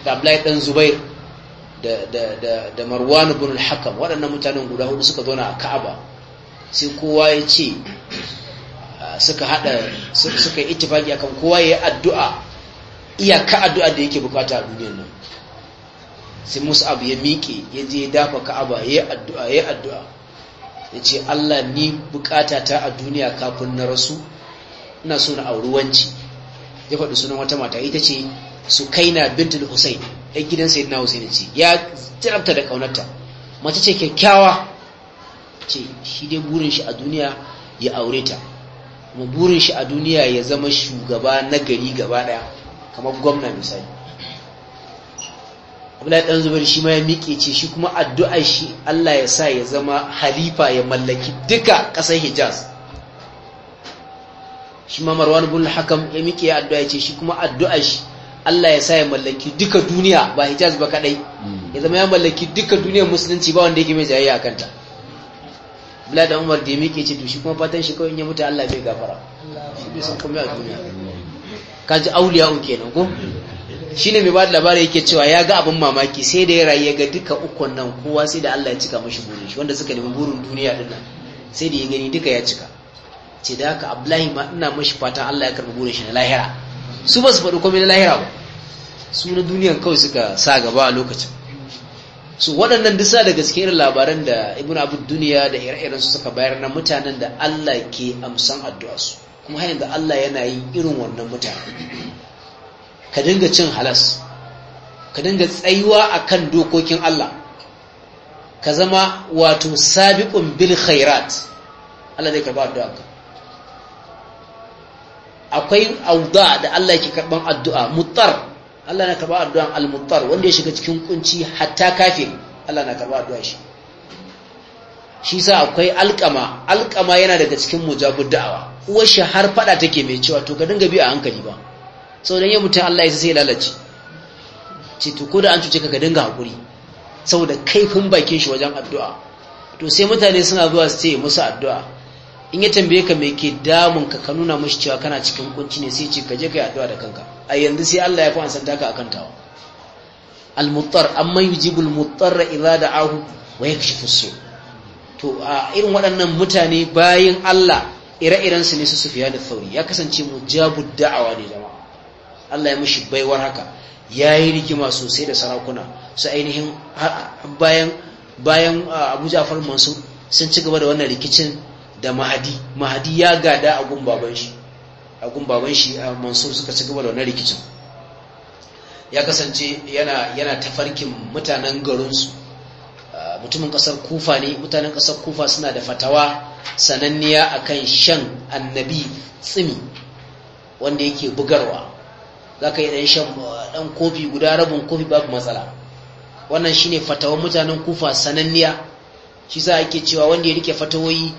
da abdullahi dan zubair da da da marwan ibn al-hakam waɗannan mutanen guda hudu suka zo a ka'aba sai kowa ya ce suka hada suka yi itifaki akan kowa ya yi addu'a iyaka addu'a da yake bukata a duniya nan sai abu ya miƙe ya je ya dafa ka'aba ya yi addu'a ya yi addu'a ya ce Allah ni bukata ta a duniya kafin na rasu ina so na auri wanci ya faɗi sunan wata mata ita ce su kaina bintul Husain ɗan gidan na Husain ce ya jarabta da kaunarta mace ce kyakkyawa ce shi dai burin shi a duniya ya aure ta kuma burin shi a duniya ya zama shugaba na gari gaba daya kamar gwamna misali abdullahi dan zubair shi ma ya miƙe ce shi kuma addu'a shi Allah ya sa ya zama halifa ya mallaki duka ƙasar Hijaz shi ma Marwan ibn Hakam ya miƙe addu'a ya ce shi kuma addu'a shi Allah ya sa ya mallaki duka duniya ba Hijaz ba kadai hmm. ya zama ya mallaki duka duniyar musulunci ba wanda yake mai jayayya kanta bladan Umar da ya mike ce to shi kuma fatan shi kawai in ya mutu Allah bai gafara shi bai san komai a duniya kaji auliya uke nan ko shine mai ba da labarai yake cewa ya ga abin mamaki sai da ya rayu ya ga duka ukun nan kowa sai da Allah ya cika mashi burin shi wanda suka nemi burin duniya din nan sai da ya gani duka ya cika ce da haka Abdullahi ma ina mashi fatan Allah ya karbi burin shi na lahira su ba su faɗi komai na lahira ba su na duniyan kawai suka sa gaba a lokacin su waɗannan disa da gaske irin labaran da ibn abu duniya da ire-iren su suka bayar na mutanen da Allah ke amsan su, kuma hanyar da Allah yana yin irin wannan mutane ka dinga cin halas ka dinga tsayuwa a kan dokokin Allah ka zama wato sabiƙun bil khairat Allah zai karba addu'a akwai auda da Allah yake karban addu'a mutar Allah na karba addu'an al-muttar wanda ya shiga cikin kunci hatta kafin, Allah na karba addu'a shi shi sa akwai alƙama alƙama yana daga cikin mujabud da'awa uwar shi har fada take mai cewa to ka dinga bi a hankali ba sau dan ya mutum Allah ya sai lalace ce to ko da an cuce ka ka dinga hakuri saboda kaifin bakin shi wajen addu'a to sai mutane suna zuwa su ce musu addu'a in ya tambaye ka me ke damun ka ka nuna mashi cewa kana cikin kunci ne sai ce ka je ka yi addu'a da kanka a yanzu sai Allah ya fi ansan taka akan tawa al-muttar amma yujibu al-muttar idza da'ahu wa yakshifu su to a irin waɗannan mutane bayin Allah ire-iren su ne su fiya da sauri ya kasance mujabu da'awa ne jama'a Allah ya mishi baiwar haka yayi rigima sosai da sarakuna su ainihin bayan bayan Abu Ja'far Mansur sun ci gaba da wannan rikicin da mahadi mahadi ya gada a gun baban shi a gun baban shi a mansur suka ci gaba da wani rikicin ya kasance yana yana tafarkin mutanen garinsu mutumin kasar kufa ne mutanen kasar kufa suna da fatawa sananniya akan shan annabi tsimi wanda yake bugarwa za ka yi dan shan ɗan kofi guda rabin kofi babu matsala wannan shine fatawar mutanen kufa sananniya shi za ake cewa wanda ya rike fatawoyi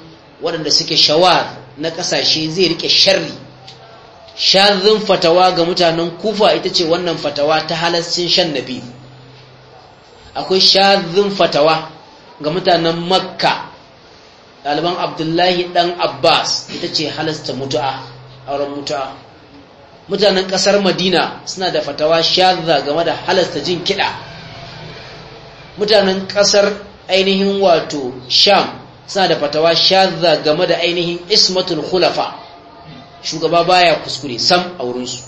waɗanda suke shawar na ƙasashe zai riƙe sharri shazin fatawa ga mutanen kufa ita ce wannan fatawa ta halascin shan nabi akwai shazin fatawa ga mutanen makka ɗaliban abdullahi ɗan abbas ita ce halasta mutu'a auren mutu'a mutanen ƙasar madina suna da fatawa shazza game da halasta jin kiɗa mutanen ƙasar ainihin wato sham suna da fatawa shadda game da ainihin ismatul khulafa shugaba baya kuskure sam a wurinsu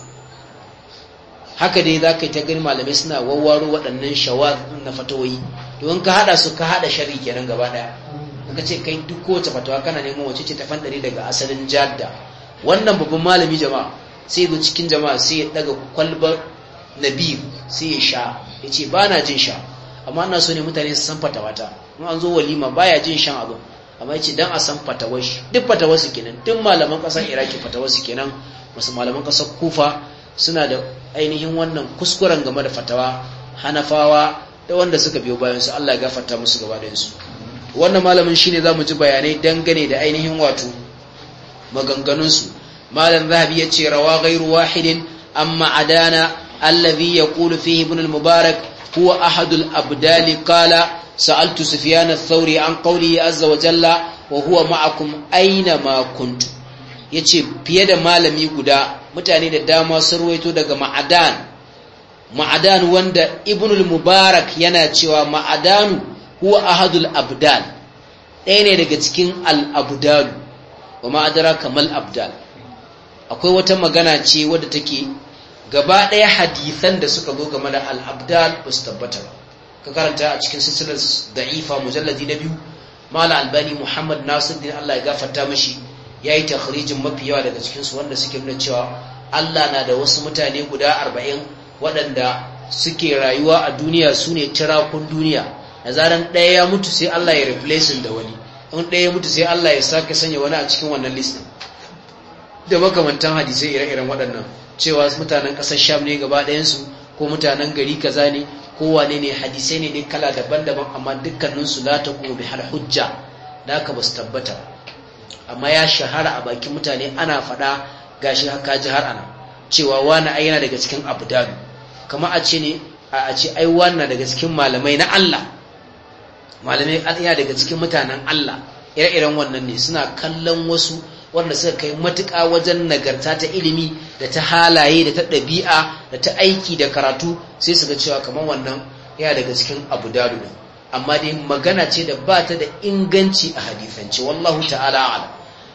haka dai za ka yi ta gani malamai suna wawwaro waɗannan shawar na fatawoyi in ka haɗa su ka haɗa shari kenan gaba ɗaya ka ce kai duk kowace fatawa kana neman wace ce ta fandare daga asalin jadda wannan babban malami jama'a sai zo cikin jama'a sai ya daga kwalbar nabi sai ya sha ya ce ba na jin sha amma ana so ne mutane su san fatawata in an zo walima baya jin shan abu amma yace dan a san fatawar duk fatawar su kenan duk malaman kasar iraki fatawar kenan wasu malaman kasar kufa suna da ainihin wannan kuskuren game da fatawa hanafawa da wanda suka biyo bayan su Allah ya gafarta musu gaba da su wannan malamin shine zamu ji bayanai dangane da ainihin wato maganganun su malam zahabi yace rawa ghairu wahidin amma adana alladhi yaqulu fihi ibn al-mubarak huwa ahadul abdali qala sa'altu Sufiyana sauri an qawlihi azza wa jalla wa huwa yace fiye da malami guda mutane da dama sun ruwaito daga ma'adan ma'adan wanda ibnul mubarak yana cewa ma'adanu huwa ahadul abdal ɗaya ne daga cikin al-abdalu wa ma'adara kamal abdal akwai wata magana ce wadda take gaba ɗaya hadisan da suka zo game da al-abdal ba su tabbata ba ka karanta a cikin silsilar da'ifa mujalladi na biyu mala albani muhammad nasir din allah ya gafarta mashi ya yi takhrijin mafi yawa daga cikinsu wanda suke nuna cewa allah na da wasu mutane guda arba'in waɗanda suke rayuwa a duniya su ne tirakun duniya da zaran ɗaya ya mutu sai allah ya replacing da wani in ɗaya ya mutu sai allah ya sake sanya wani a cikin wannan listin da makamantan hadisai ire-iren waɗannan cewa mutanen ƙasar sham ne gaba ɗayansu ko mutanen gari kaza ne kowane ne hadisai ne dai kala daban-daban amma dukkaninsu za ta kuma har hujja da ka ba su tabbata amma ya shahara a bakin mutane ana faɗa gashi haka ji har ana cewa wani ai yana daga cikin abdalu kama a ce ne a ce ai wani daga cikin malamai na Allah malamai yana daga cikin mutanen Allah ire-iren wannan ne suna kallon wasu wanda suka kai matuƙa wajen nagarta ta ilimi da ta halaye da ta ɗabi'a da ta aiki da karatu sai su ga cewa kamar wannan yana daga cikin abu dalu amma dai magana ce da ba ta da inganci a hadifance wallahu ta'ala ala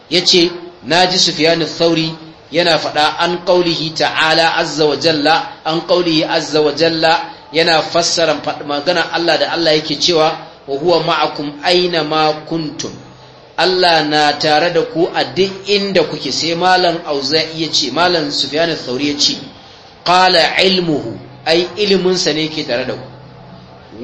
ya ce na ji sufiyanu sauri yana faɗa an ƙaulihi ta'ala azza wa jalla an ƙaulihi azza wa jalla yana fassara magana Allah da Allah yake cewa wa huwa ma'akum aina ma kuntum Allah na tare da ku a duk inda kuke sai malam auza'i ya ce malam sufyan al-thauri ya ce qala ilmuhu ai ilimin sa ne ke tare da ku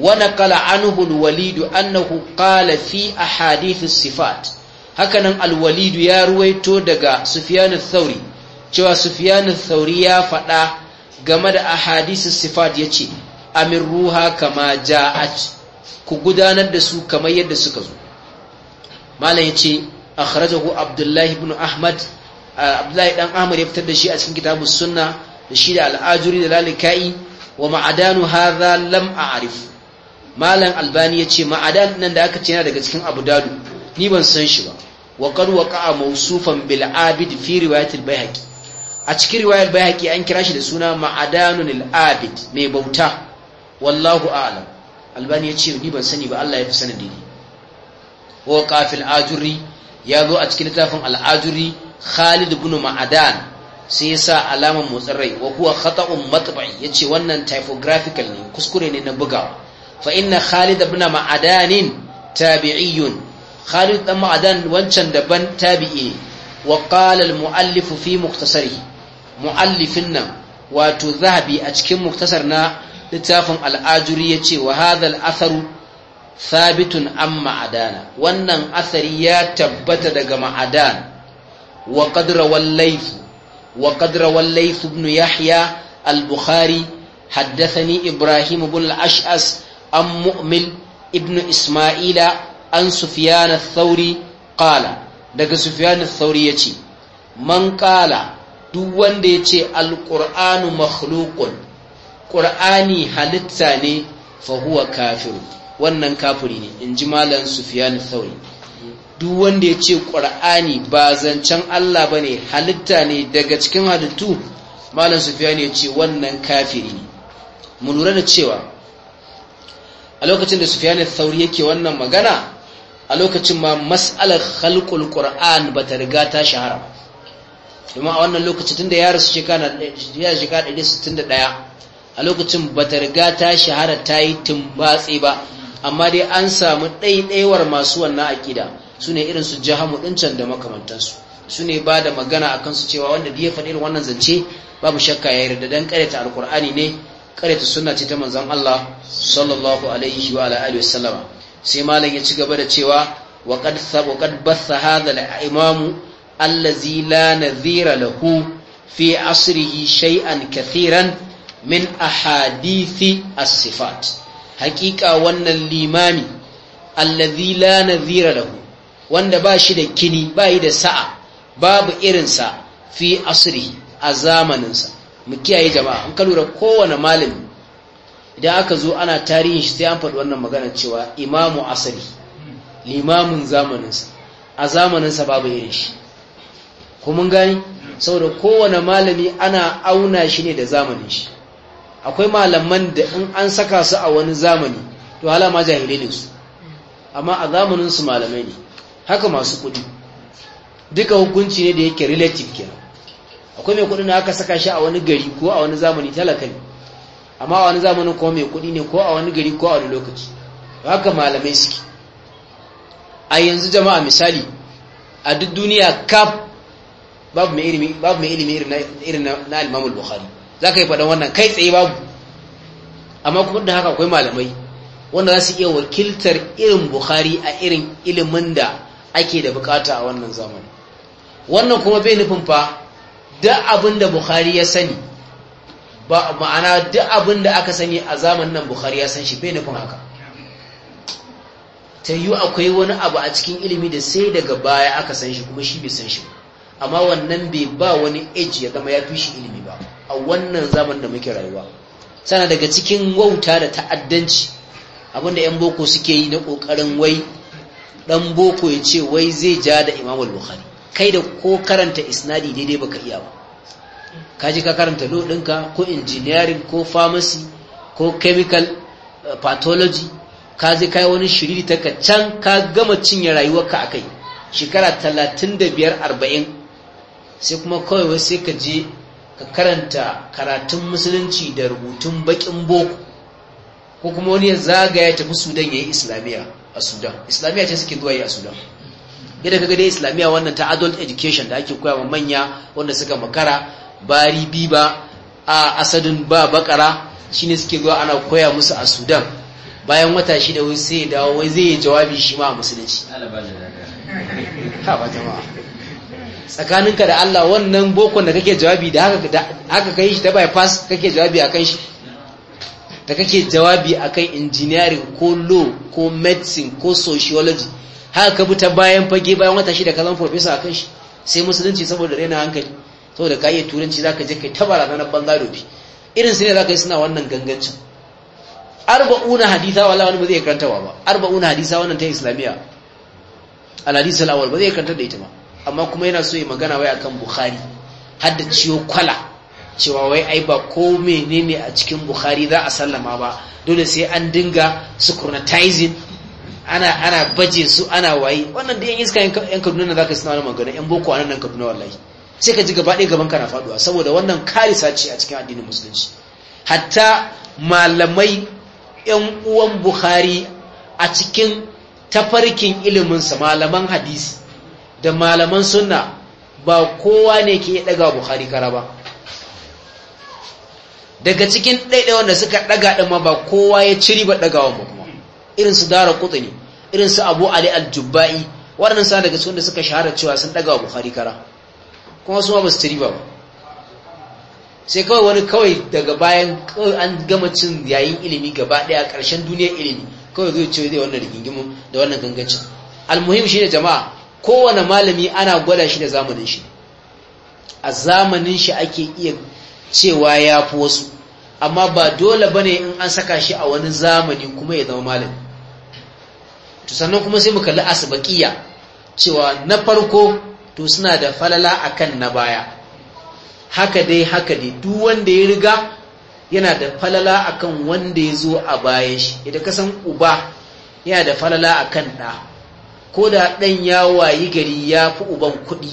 wa naqala anhu al-walid annahu qala fi ahadith as-sifat hakanan al-walid ya ruwaito daga sufyan al-thauri cewa sufyan al-thauri ya faɗa game da ahadith as-sifat yace amir ruha kama ja'at ku gudanar da su kamar yadda suka zo malam ya ce akhrajahu abdullahi ibn ahmad abdullahi dan ahmad ya fitar da shi a cikin kitabu sunna da shi da al'ajuri da lalikai wa ma'adanu hadha lam a'rif malam albani ya ce ma'adan nan da aka ce yana daga cikin abu dadu ni ban san shi ba wa qad waqa'a mawsufan bil abid fi riwayat al bayhaqi a cikin riwayar bayhaqi an kira shi da suna ma'adanun al abid mai bauta wallahu a'lam albani ya ce ni ban sani ba Allah ya fi sanin wa qafil ajuri ya zo a cikin littafin al'ajuri khalid ibn ma'adan sai ya sa alaman motsin rai wa huwa khata'un matba'i yace wannan typographical ne kuskure ne na buga fa inna khalid ibn ma'adanin tabi'iyyun khalid ibn ma'adan wancan daban tabi'i wa qala al fi muktasarihi mu'allifin nan wato zahabi a cikin muktasar na littafin al'ajuri yace wa hadha al sabitun an ma'adana wannan asari ya tabbata daga ma'adan wa qadra wallaisu wa qadra ibn yahya al-bukhari haddathani ibrahim ibn al-ash'as an mu'min ibn isma'ila an sufyan al qala daga sufyan al ya yace man qala duk wanda yace al ƙuranu makhluqun Ƙur'ani halitta ne fa huwa kafirun wannan kafiri ne in ji malam sufiyan thauri duk wanda ya ce ƙwar'ani ba zancen Allah ba ne halitta ne daga cikin halittu malam sufiyan ya ce wannan kafiri ne mu lura da cewa a lokacin da sufiyan thauri yake wannan magana a lokacin ma mas'alar halkul ƙwar'an ba ta riga ta shahara ba a wannan lokacin tunda ya rasu shekara 161 a lokacin ba ta riga ta shahara ta yi tumbatsi ba amma dai an samu ɗaiɗaiwar masu wannan aƙida su ne irin su jahamu can da makamantansu su ne ba da magana a kansu cewa wanda biya faɗi irin wannan zance babu shakka ya yarda don ƙaryata Alƙur'ani ne ƙaryata suna ce ta manzon Allah sallallahu alaihi wa alihi sallama sai malam ya ci gaba da cewa wa basa wa qad batha hadha al-imam allazi la nadhira lahu fi asrihi shay'an kathiran min ahadithi as-sifat hakika wannan limami allazi la nazira lahu wanda ba shi da kini ba yi da sa'a babu irinsa fi asiri a zamaninsa mu kiyaye jama'a An ka da kowane malami idan aka zo ana tarihin shi sai an faɗi wannan magana cewa imamu asiri limamin zamaninsa a zamaninsa babu irin shi kuma gani saboda kowane malami ana auna shi ne da zamanin shi akwai malaman da in an saka su a wani zamani to hala ma jahilai ne su amma a zamanin su malamai ne haka masu kudi duka hukunci ne da yake relative kenan akwai mai kudi ne aka saka shi a wani gari ko a wani zamani talaka ne amma a wani zamanin ko mai kudi ne ko a wani gari ko a wani lokaci haka malamai suke a yanzu jama'a misali a duk duniya kaf babu mai ilimi irin na al-Imam al-Bukhari za ka yi faɗin wannan kai tsaye babu amma kuma da haka akwai malamai wanda za su iya wakiltar irin bukhari a irin ilimin da ake da bukata a wannan zamani wannan kuma bai nufin fa duk abin da bukhari ya sani ba ma'ana duk abin da aka sani a zamanin nan bukhari ya san shi bai nufin haka ta yi akwai wani abu a cikin ilimi da sai daga baya aka san shi kuma shi bai san shi amma wannan bai ba wani age ya zama ya fi shi ilimi ba a wannan zaman da muke rayuwa sana daga cikin wauta da ta'addanci abinda 'yan boko suke yi na ƙoƙarin wai ɗan boko ya ce wai zai ja da imamul bukhari kai da ko karanta isnadi daidai baka iya ba ka ji ka karanta lo ɗinka ko engineering ko pharmacy ko chemical eh, pathology ka je kai wani shiriri ta ka can ka gama cinye rayuwarka a kai shekara talatin da biyar arba'in sai kuma kawai wai sai ka je ka karanta karatun musulunci da rubutun bakin boko ko kuma wani ya zagaya tafi sudan ya yi islamiyya a sudan islamiyya ce suke zuwa yi a sudan yadda kaga dai islamiyya wannan ta adult education da ake koya wa manya wanda suka makara bari ba a asadin ba bakara ne suke zuwa ana koya musu a sudan bayan wata shi da wai sai ya dawo wai zai yi jawabi shi ma a musulunci tsakaninka da Allah wannan bokon da kake jawabi da haka kai shi ta bypass kake jawabi akan shi da kake jawabi akan engineering ko law ko medicine ko sociology haka ka ta bayan fage bayan wata shi da ka zama professor akan shi sai musulunci saboda raina hankali saboda ka iya turanci za ka je kai tabara na banza dofi irin su ne ka yi suna wannan gangancin arba'una hadisa wala wani ba zai karanta ba arba'una hadisa wannan ta islamiyya al hadisa al ba zai karanta da ita ba amma kuma yana so ya magana wai akan bukhari har da ciwo kwala cewa wai ai ba ko menene a cikin bukhari za a sallama ba dole sai an dinga scrutinizing ana ana baje su ana wayi. wannan da yan iska yan kaduna zaka sanar wani magana yan boko anan nan kaduna wallahi sai ka ji gaba ɗaya gaban kana faduwa saboda wannan karisa ce a cikin addinin musulunci hatta malamai yan uwan bukhari a cikin tafarkin ilimin sa malaman hadisi da malaman sunna ba kowa ne ke daga bukhari kara ba daga cikin ɗaiɗai wanda suka ɗaga ɗin ba kowa ya ciri ba ɗagawan wa kuma irin su dara kutuni irin su abu ali Al jubba'i, waɗannan sa daga cikin da suka shahara cewa sun ɗaga bukhari kara kuma su ma ba su ciri ba sai kawai wani kawai daga bayan an gama cin yayin ilimi gaba ɗaya ƙarshen duniyar ilimi kawai zai ce zai wannan rigingimu da wannan gangancin almuhim shine jama'a kowane malami ana gwada shi da zamanin shi a zamanin shi ake iya cewa ya fi wasu amma ba dole bane in an saka shi a wani zamani kuma ya zama malami to sannan kuma sai mu kalli asbaqiya cewa na farko to suna da falala akan na baya haka dai haka dai duk wanda ya riga yana da falala akan wanda ya zo a bayan shi idan ka san uba yana da falala akan ɗa ko da ɗan ya wayi gari ya fi uban kuɗi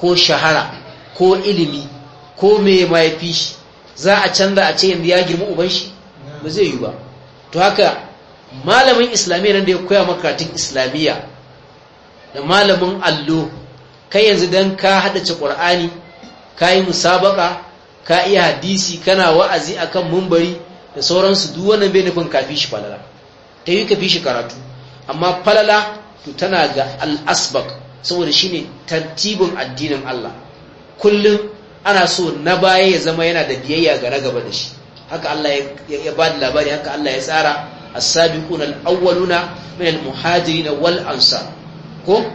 ko shahara ko ilimi ko mai mafi shi za a canza a ce yanzu ya girma uban shi ba zai yi ba to haka malamin islamiyya nan da ya koya makaratun islamiyya da malamin allo kai yanzu don ka hadace ƙwar'ani ka yi musabaka ka iya hadisi kana wa'azi akan mumbari da sauransu duk wannan bai nufin kafi shi falala ta yi kafi shi karatu amma falala to tana ga al saboda saboda shine tartibin addinin Allah kullum ana so na baya ya zama yana da biyayya ga na gaba da shi haka Allah ya ba da labari haka Allah ya tsara as-sabiquna al-awwaluna min al-muhajirin wal ansar ko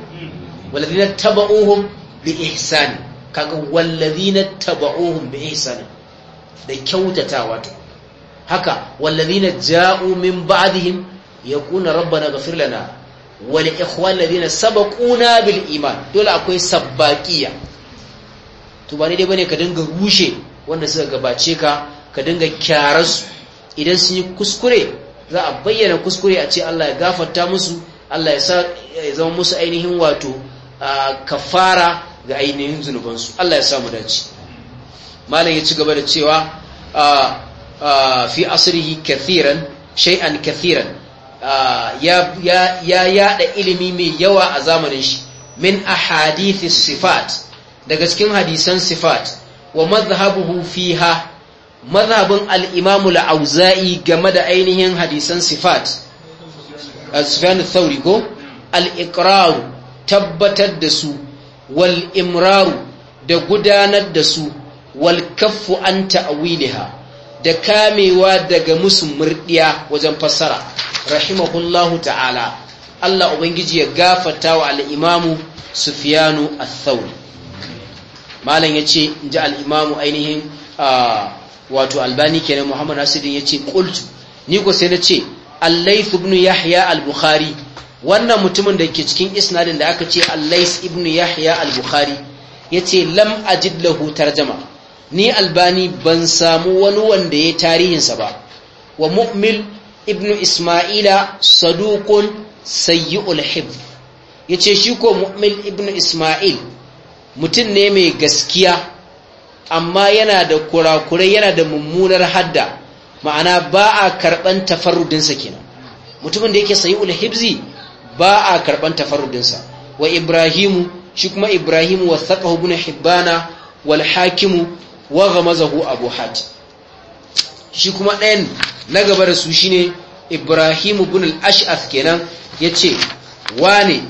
walladhina tabauhum bi ihsan kaga walladhina tabauhum bi ihsan da kyautatawa to haka na ja'u min kuna Rabba na ghfir lana wal ikhwan ladina sabaquna bil iman dole akwai sabbaqiya to ba dai bane ka dinga rushe wanda suka gabace ka ka dinga kyararsu idan sun yi kuskure za a bayyana kuskure a ce Allah ya gafarta musu Allah ya sa ya zama musu ainihin wato kafara ga ainihin zunubansu Allah ya sa mu dace malam ya ci gaba da cewa fi asrihi kathiran shay'an kathiran ya yada ilimi mai yawa a zamanin shi min ahadithi sifat daga cikin hadisan sifat wa madhhabuhu fiha madhhabin al-imam al-auza'i game da ainihin hadisan sifat as sufyan al-thawri ko al-iqrar tabbatar da su wal imrar da gudanar da su wal kaffu an ta'wilha da kamewa daga musu murdiya wajen fassara rahimahullahu ta'ala Allah ubangiji ya gafarta wa al'imamu sufiya'nu Sufyanu al-Thawri malam yace inji al al'imamu ainihin wato albani kenan Muhammad ya ce qultu ni ko sai nace al ibn Yahya al-Bukhari wannan mutumin da ke cikin isnadin da aka ce Allais ibn Yahya al-Bukhari yace lam ajid lahu tarjama ni albani ban samu wani wanda ya tarihinsa ba wa mu'mil ibnu isma'ila saduqun sayyi'ul hifz yace shi ko mu'min ibnu isma'il mutum ne mai gaskiya amma yana da kurakurai yana da mummunar hadda ma'ana ba a karban tafarrudinsa kenan mutumin da yake sayyi'ul hifzi ba a karban tafarrudinsa wa ibrahimu shi kuma ibrahimu wasaqahu ibn hibbana wal hakimu wa ghamazahu abu hatim shi kuma ɗayan na gaba da su shine Ibrahim ibn kenan ya kenan wa ne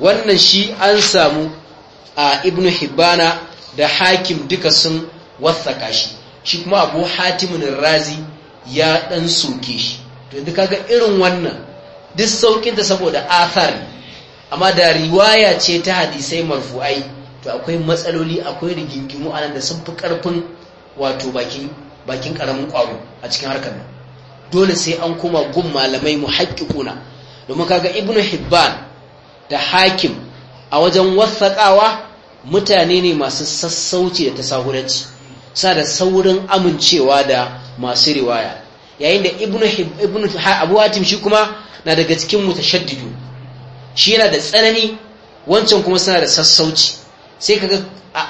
wannan shi an samu a Ibn hibana da Hakim duka sun wasaka shi shi kuma Abu hatimun razi ya ɗan soke shi to yadda kaga irin wannan duk saukin saboda athar amma da riwaya ce ta hadisai marfu'ai to akwai matsaloli akwai rigingimu anan da sun fi karfin wato bakin bakin karamin kwaro a cikin harkar nan dole sai an kuma gun malamai mu haƙiƙuna domin kaga ibnu hibban da hakim a wajen wasaƙawa mutane ne masu sassauci da tasahuranci sa da saurin amincewa da masu riwaya yayin da ibnu ibnu abu hatim shi kuma na daga cikin mutashaddidu shi yana da tsanani wancan kuma suna da sassauci sai kaga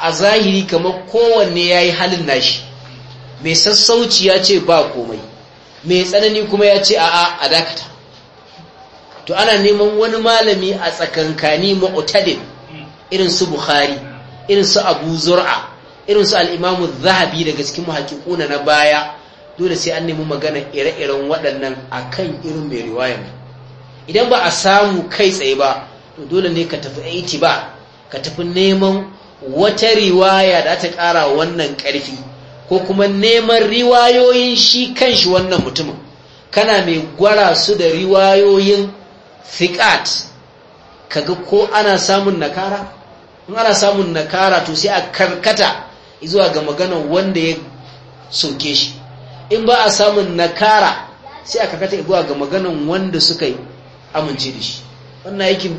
a zahiri kamar kowanne yayi halin nashi mai sassauci ya ce ba komai mai tsanani kuma ya ce a'a a dakata to ana neman wani malami a tsakankani mu'tadil irin su bukhari irin su abu zur'a irin su al'imamu zahabi daga cikin mahaƙiƙuna na baya dole sai an nemi magana ire-iren waɗannan a kan irin mai riwaya idan ba a samu kai tsaye ba to dole ne ka tafi aiti ba ka tafi neman wata riwaya da ta ƙara wannan ƙarfi ko kuma neman riwayoyin shi kanshi wannan mutumin kana mai gwara su da riwayoyin thiqat kaga ko ana samun nakara in ana samun nakara to sai a karkata zuwa ga magana wanda ya soke shi in ba a samun nakara sai a karkata zuwa ga magana wanda suka yi amince da shi wannan aikin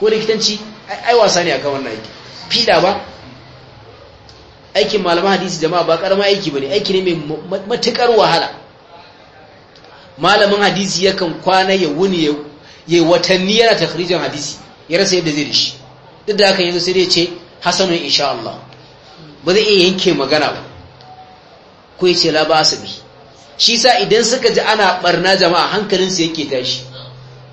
ko likitanci ai wasa ne akan wannan aikin fida ba aikin malaman hadisi jama'a ba karama aiki bane aiki ne mai matukar wahala malamin hadisi yakan kwana ya wuni ya watanni yana takhrijin hadisi ya rasa yadda zai dashi duk da haka yanzu sai dai ce hasanun insha Allah ba zai iya yanke magana ba ko ya ce la ba asabi shi sa idan suka ji ana barna jama'a hankalin su yake tashi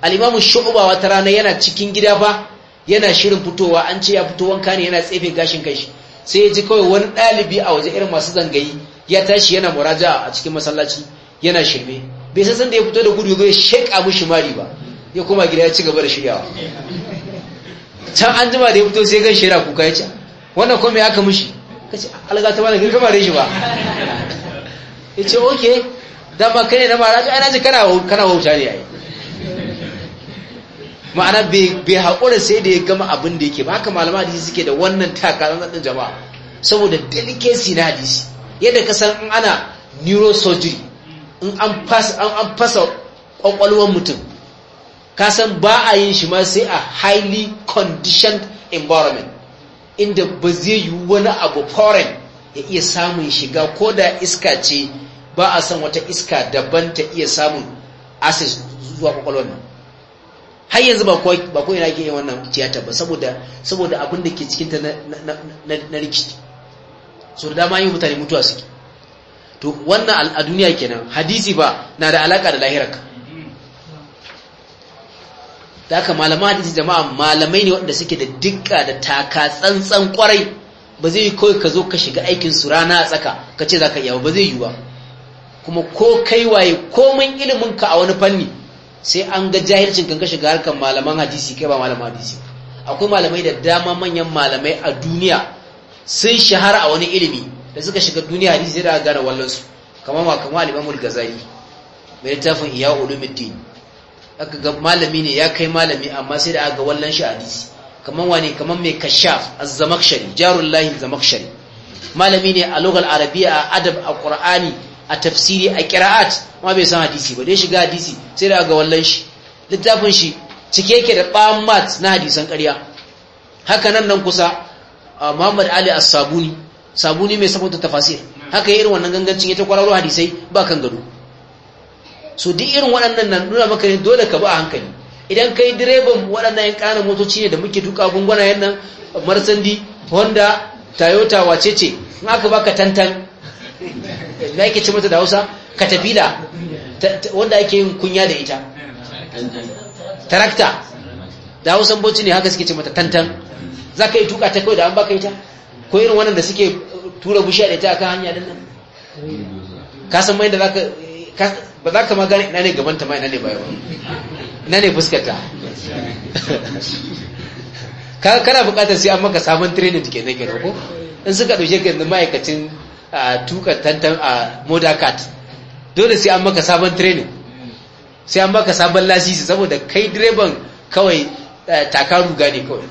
al-imamu shu'ba wata rana yana cikin gida fa yana shirin fitowa an ce ya fito wanka ne yana tsefe gashin kanshi sai ya ji kawai wani ɗalibi a waje irin masu zangayi ya tashi yana muraja a cikin masallaci yana shirme bai san sanda ya fito da gudu ya sheƙa mushi mari ba ya koma gida ya ci gaba da shiryawa can an jima da ya fito sai gan shira kuka ya ce wannan kuma ya aka mushi ka ce alga ta malaka kama da shi ba ya ce oke dama kai na maraja ana ji kana wauta ne yayi ma'ana bai haƙura sai da ya gama abin da yake ba haka malama hadisi suke da wannan takarar ɗin jama'a saboda delicacy na hadisi yadda ka san ana neurosurgery in an fasa ƙwaƙwalwar mutum ka san ba a yin shi ma sai a highly conditioned environment inda ba zai yi wani abu foreign ya iya samun shiga ko da iska ce ba a san wata iska daban ta iya samun access zuwa ƙwaƙwalwar nan har yanzu ba ko ba ko ina ke yin wannan tiyata ba saboda abin da ke cikin ta na rikici so da dama yin mutane mutuwa suke to wannan a duniya kenan hadisi ba na da alaka da lahirarka da aka malaman hadisi jama'a malamai ne waɗanda suke da dukka da taka tsantsan kwarai ba zai yi kawai ka zo ka shiga aikin su rana a tsaka ka ce za ka iya ba zai yi ba kuma ko kai waye komin ilimin ka a wani fanni sai an ga jahilcin kan ka shiga harkar malaman hadisi kai ba malaman hadisi akwai malamai da dama manyan malamai a duniya sun shahara a wani ilimi da suka shiga duniya hadisi sai da gane wallansu kamar ma kamar al-Imamul Ghazali mai littafin Iya Ulumuddin aka ga malami ne ya kai malami amma sai da aka wallan shi hadisi kamar wani kamar mai kashaf az-Zamakhshari jarul zamakhshari malami ne a lugal arabiya a adab a qur'ani a tafsiri a qira'at ma bai san hadisi ba dai shiga hadisi sai da ga wallan shi littafin shi cike yake da mat na hadisan ƙarya haka nan nan kusa Muhammad Ali As-Sabuni sabuni mai sabunta tafasir haka irin wannan gangancin ya ta kwararo hadisai ba kan gado so duk irin waɗannan nan nuna maka ne dole ka ba a hankali idan kai direban waɗannan yan ƙananan motoci ne da muke duka gunguna yan nan marsandi honda toyota wacece in aka baka tantan da yake ce mata da hausa katafila wanda ake yin kunya da ita tarakta da hausan boci ne haka suke ce mata tantan za ka yi tuka ta kawai da an baka ita ko irin wannan da suke tura bushiya da ita a kan hanya din nan ka san mai da za ka ba za ka ma gane ina ne gaban ta ma ina ne bayan ina ne fuskata kana bukatar sai an maka sabon training ke na gina ko in suka ɗauke ka yanzu ma'aikacin a tuka tantan a moda card dole sai an maka sabon training sai an maka sabon lasisi saboda kai direban kawai eh, takaru gane kawai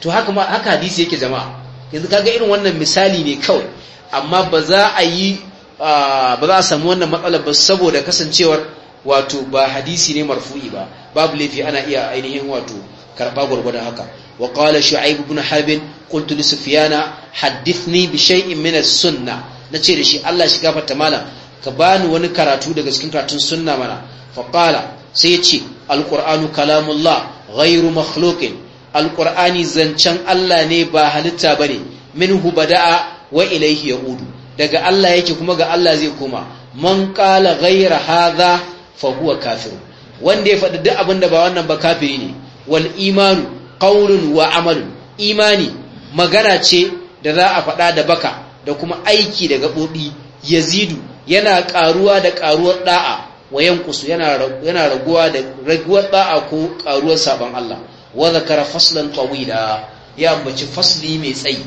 to haka ma haka hadisi yake jama'a yanzu kaga irin wannan misali ne kawai amma ba za a yi ba za a samu wannan matsalar ba saboda kasancewar wato ba hadisi ne marfu'i ba babu laifi ana iya ainihin wato karba gurgurdan haka wa qala shu'aib ibn harb qultu li sufyana hadithni bi shay'in min as-sunna nace da shi Allah shi gafarta malam ka bani wani karatu daga cikin karatun sunna mana fa qala sai ya ce alqur'anu kalamullah ghairu makhluqin alqur'ani zancen Allah ne ba halitta bane minhu bada'a wa ilayhi yaudu daga Allah yake kuma ga Allah zai koma man qala ghaira hadha fa huwa kafir wanda ya faɗi duk abin da ba wannan ba kafiri ne wal imanu qaulun wa amalun imani magana ce da za a faɗa da baka da kuma aiki da gaɓoɓi yazidu yana ƙaruwa da ƙaruwar ɗa'a wa yanqusu yana raguwa da raguwar ɗa'a ko ƙaruwar sabon Allah wa zakara faslan tawila ya ambaci fasli mai tsayi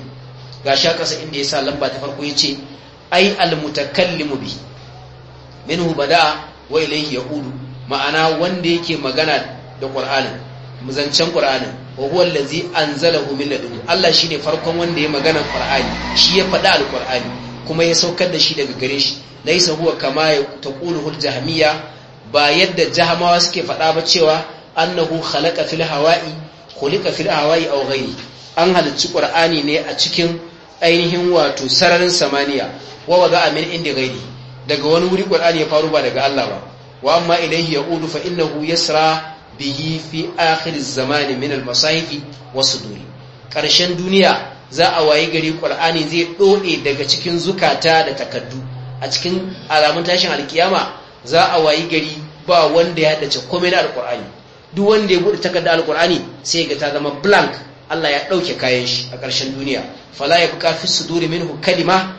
Ga sha ƙasa inda yasa lamba ta farko yace ai almutakallimu bi minhu bada'a wa ilayhi yaqulu ma'ana wanda yake magana da Qur'anin zancen ƙur'anin wa huwa allazi anzalahu min ladun Allah shine farkon wanda ya magana qur'ani shi ya faɗa alqur'ani kuma ya saukar da shi daga gare shi laisa huwa kama ya taquluhu jahmiya ba yadda jahmawa suke faɗa ba cewa annahu khalaqa fil hawa'i khuliqa fil hawa'i aw ghairi an halicci ƙur'ani ne a cikin ainihin wato sararin samaniya wa wada'a min indi ghairi daga wani wuri ƙur'ani ya faru ba daga Allah ba wa amma ilayhi ya'udu fa innahu yasra bihi fi akhir zamani min al wasuduri suduri karshen duniya za a wayi gari qur'ani zai dode daga cikin zukata da takaddu a cikin alamun tashin alkiyama za a wayi gari ba wanda ya dace komai na alqur'ani duk wanda ya bude takaddu alqur'ani sai ga ta zama blank Allah ya dauke kayan shi a karshen duniya fala yabqa fi suduri minhu kalima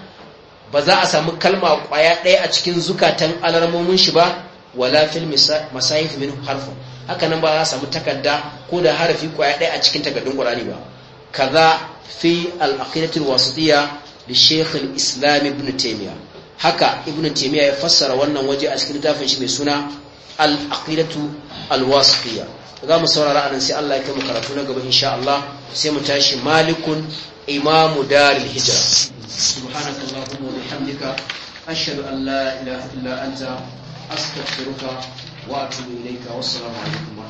ba za a samu kalma kwaya ɗaya a cikin zukatan alarmomin shi ba wala fil masahif minhu harfun haka nan ba za samu takarda ko da harafi kwaya ɗaya a cikin takardun qur'ani ba kaza fi al-aqidatul wasitiyya li shaykh al-islam ibn taymiyyah haka ibn taymiyyah ya fassara wannan waje a cikin littafin shi mai suna al-aqidatu al-wasitiyya za mu saurara anan sai Allah ya kai mu karatu na gaba insha Allah sai mu tashi malikun imamu daril hijra subhanakallahumma wa bihamdika ashhadu an la ilaha illa anta astaghfiruka 我准备搞死了嘛？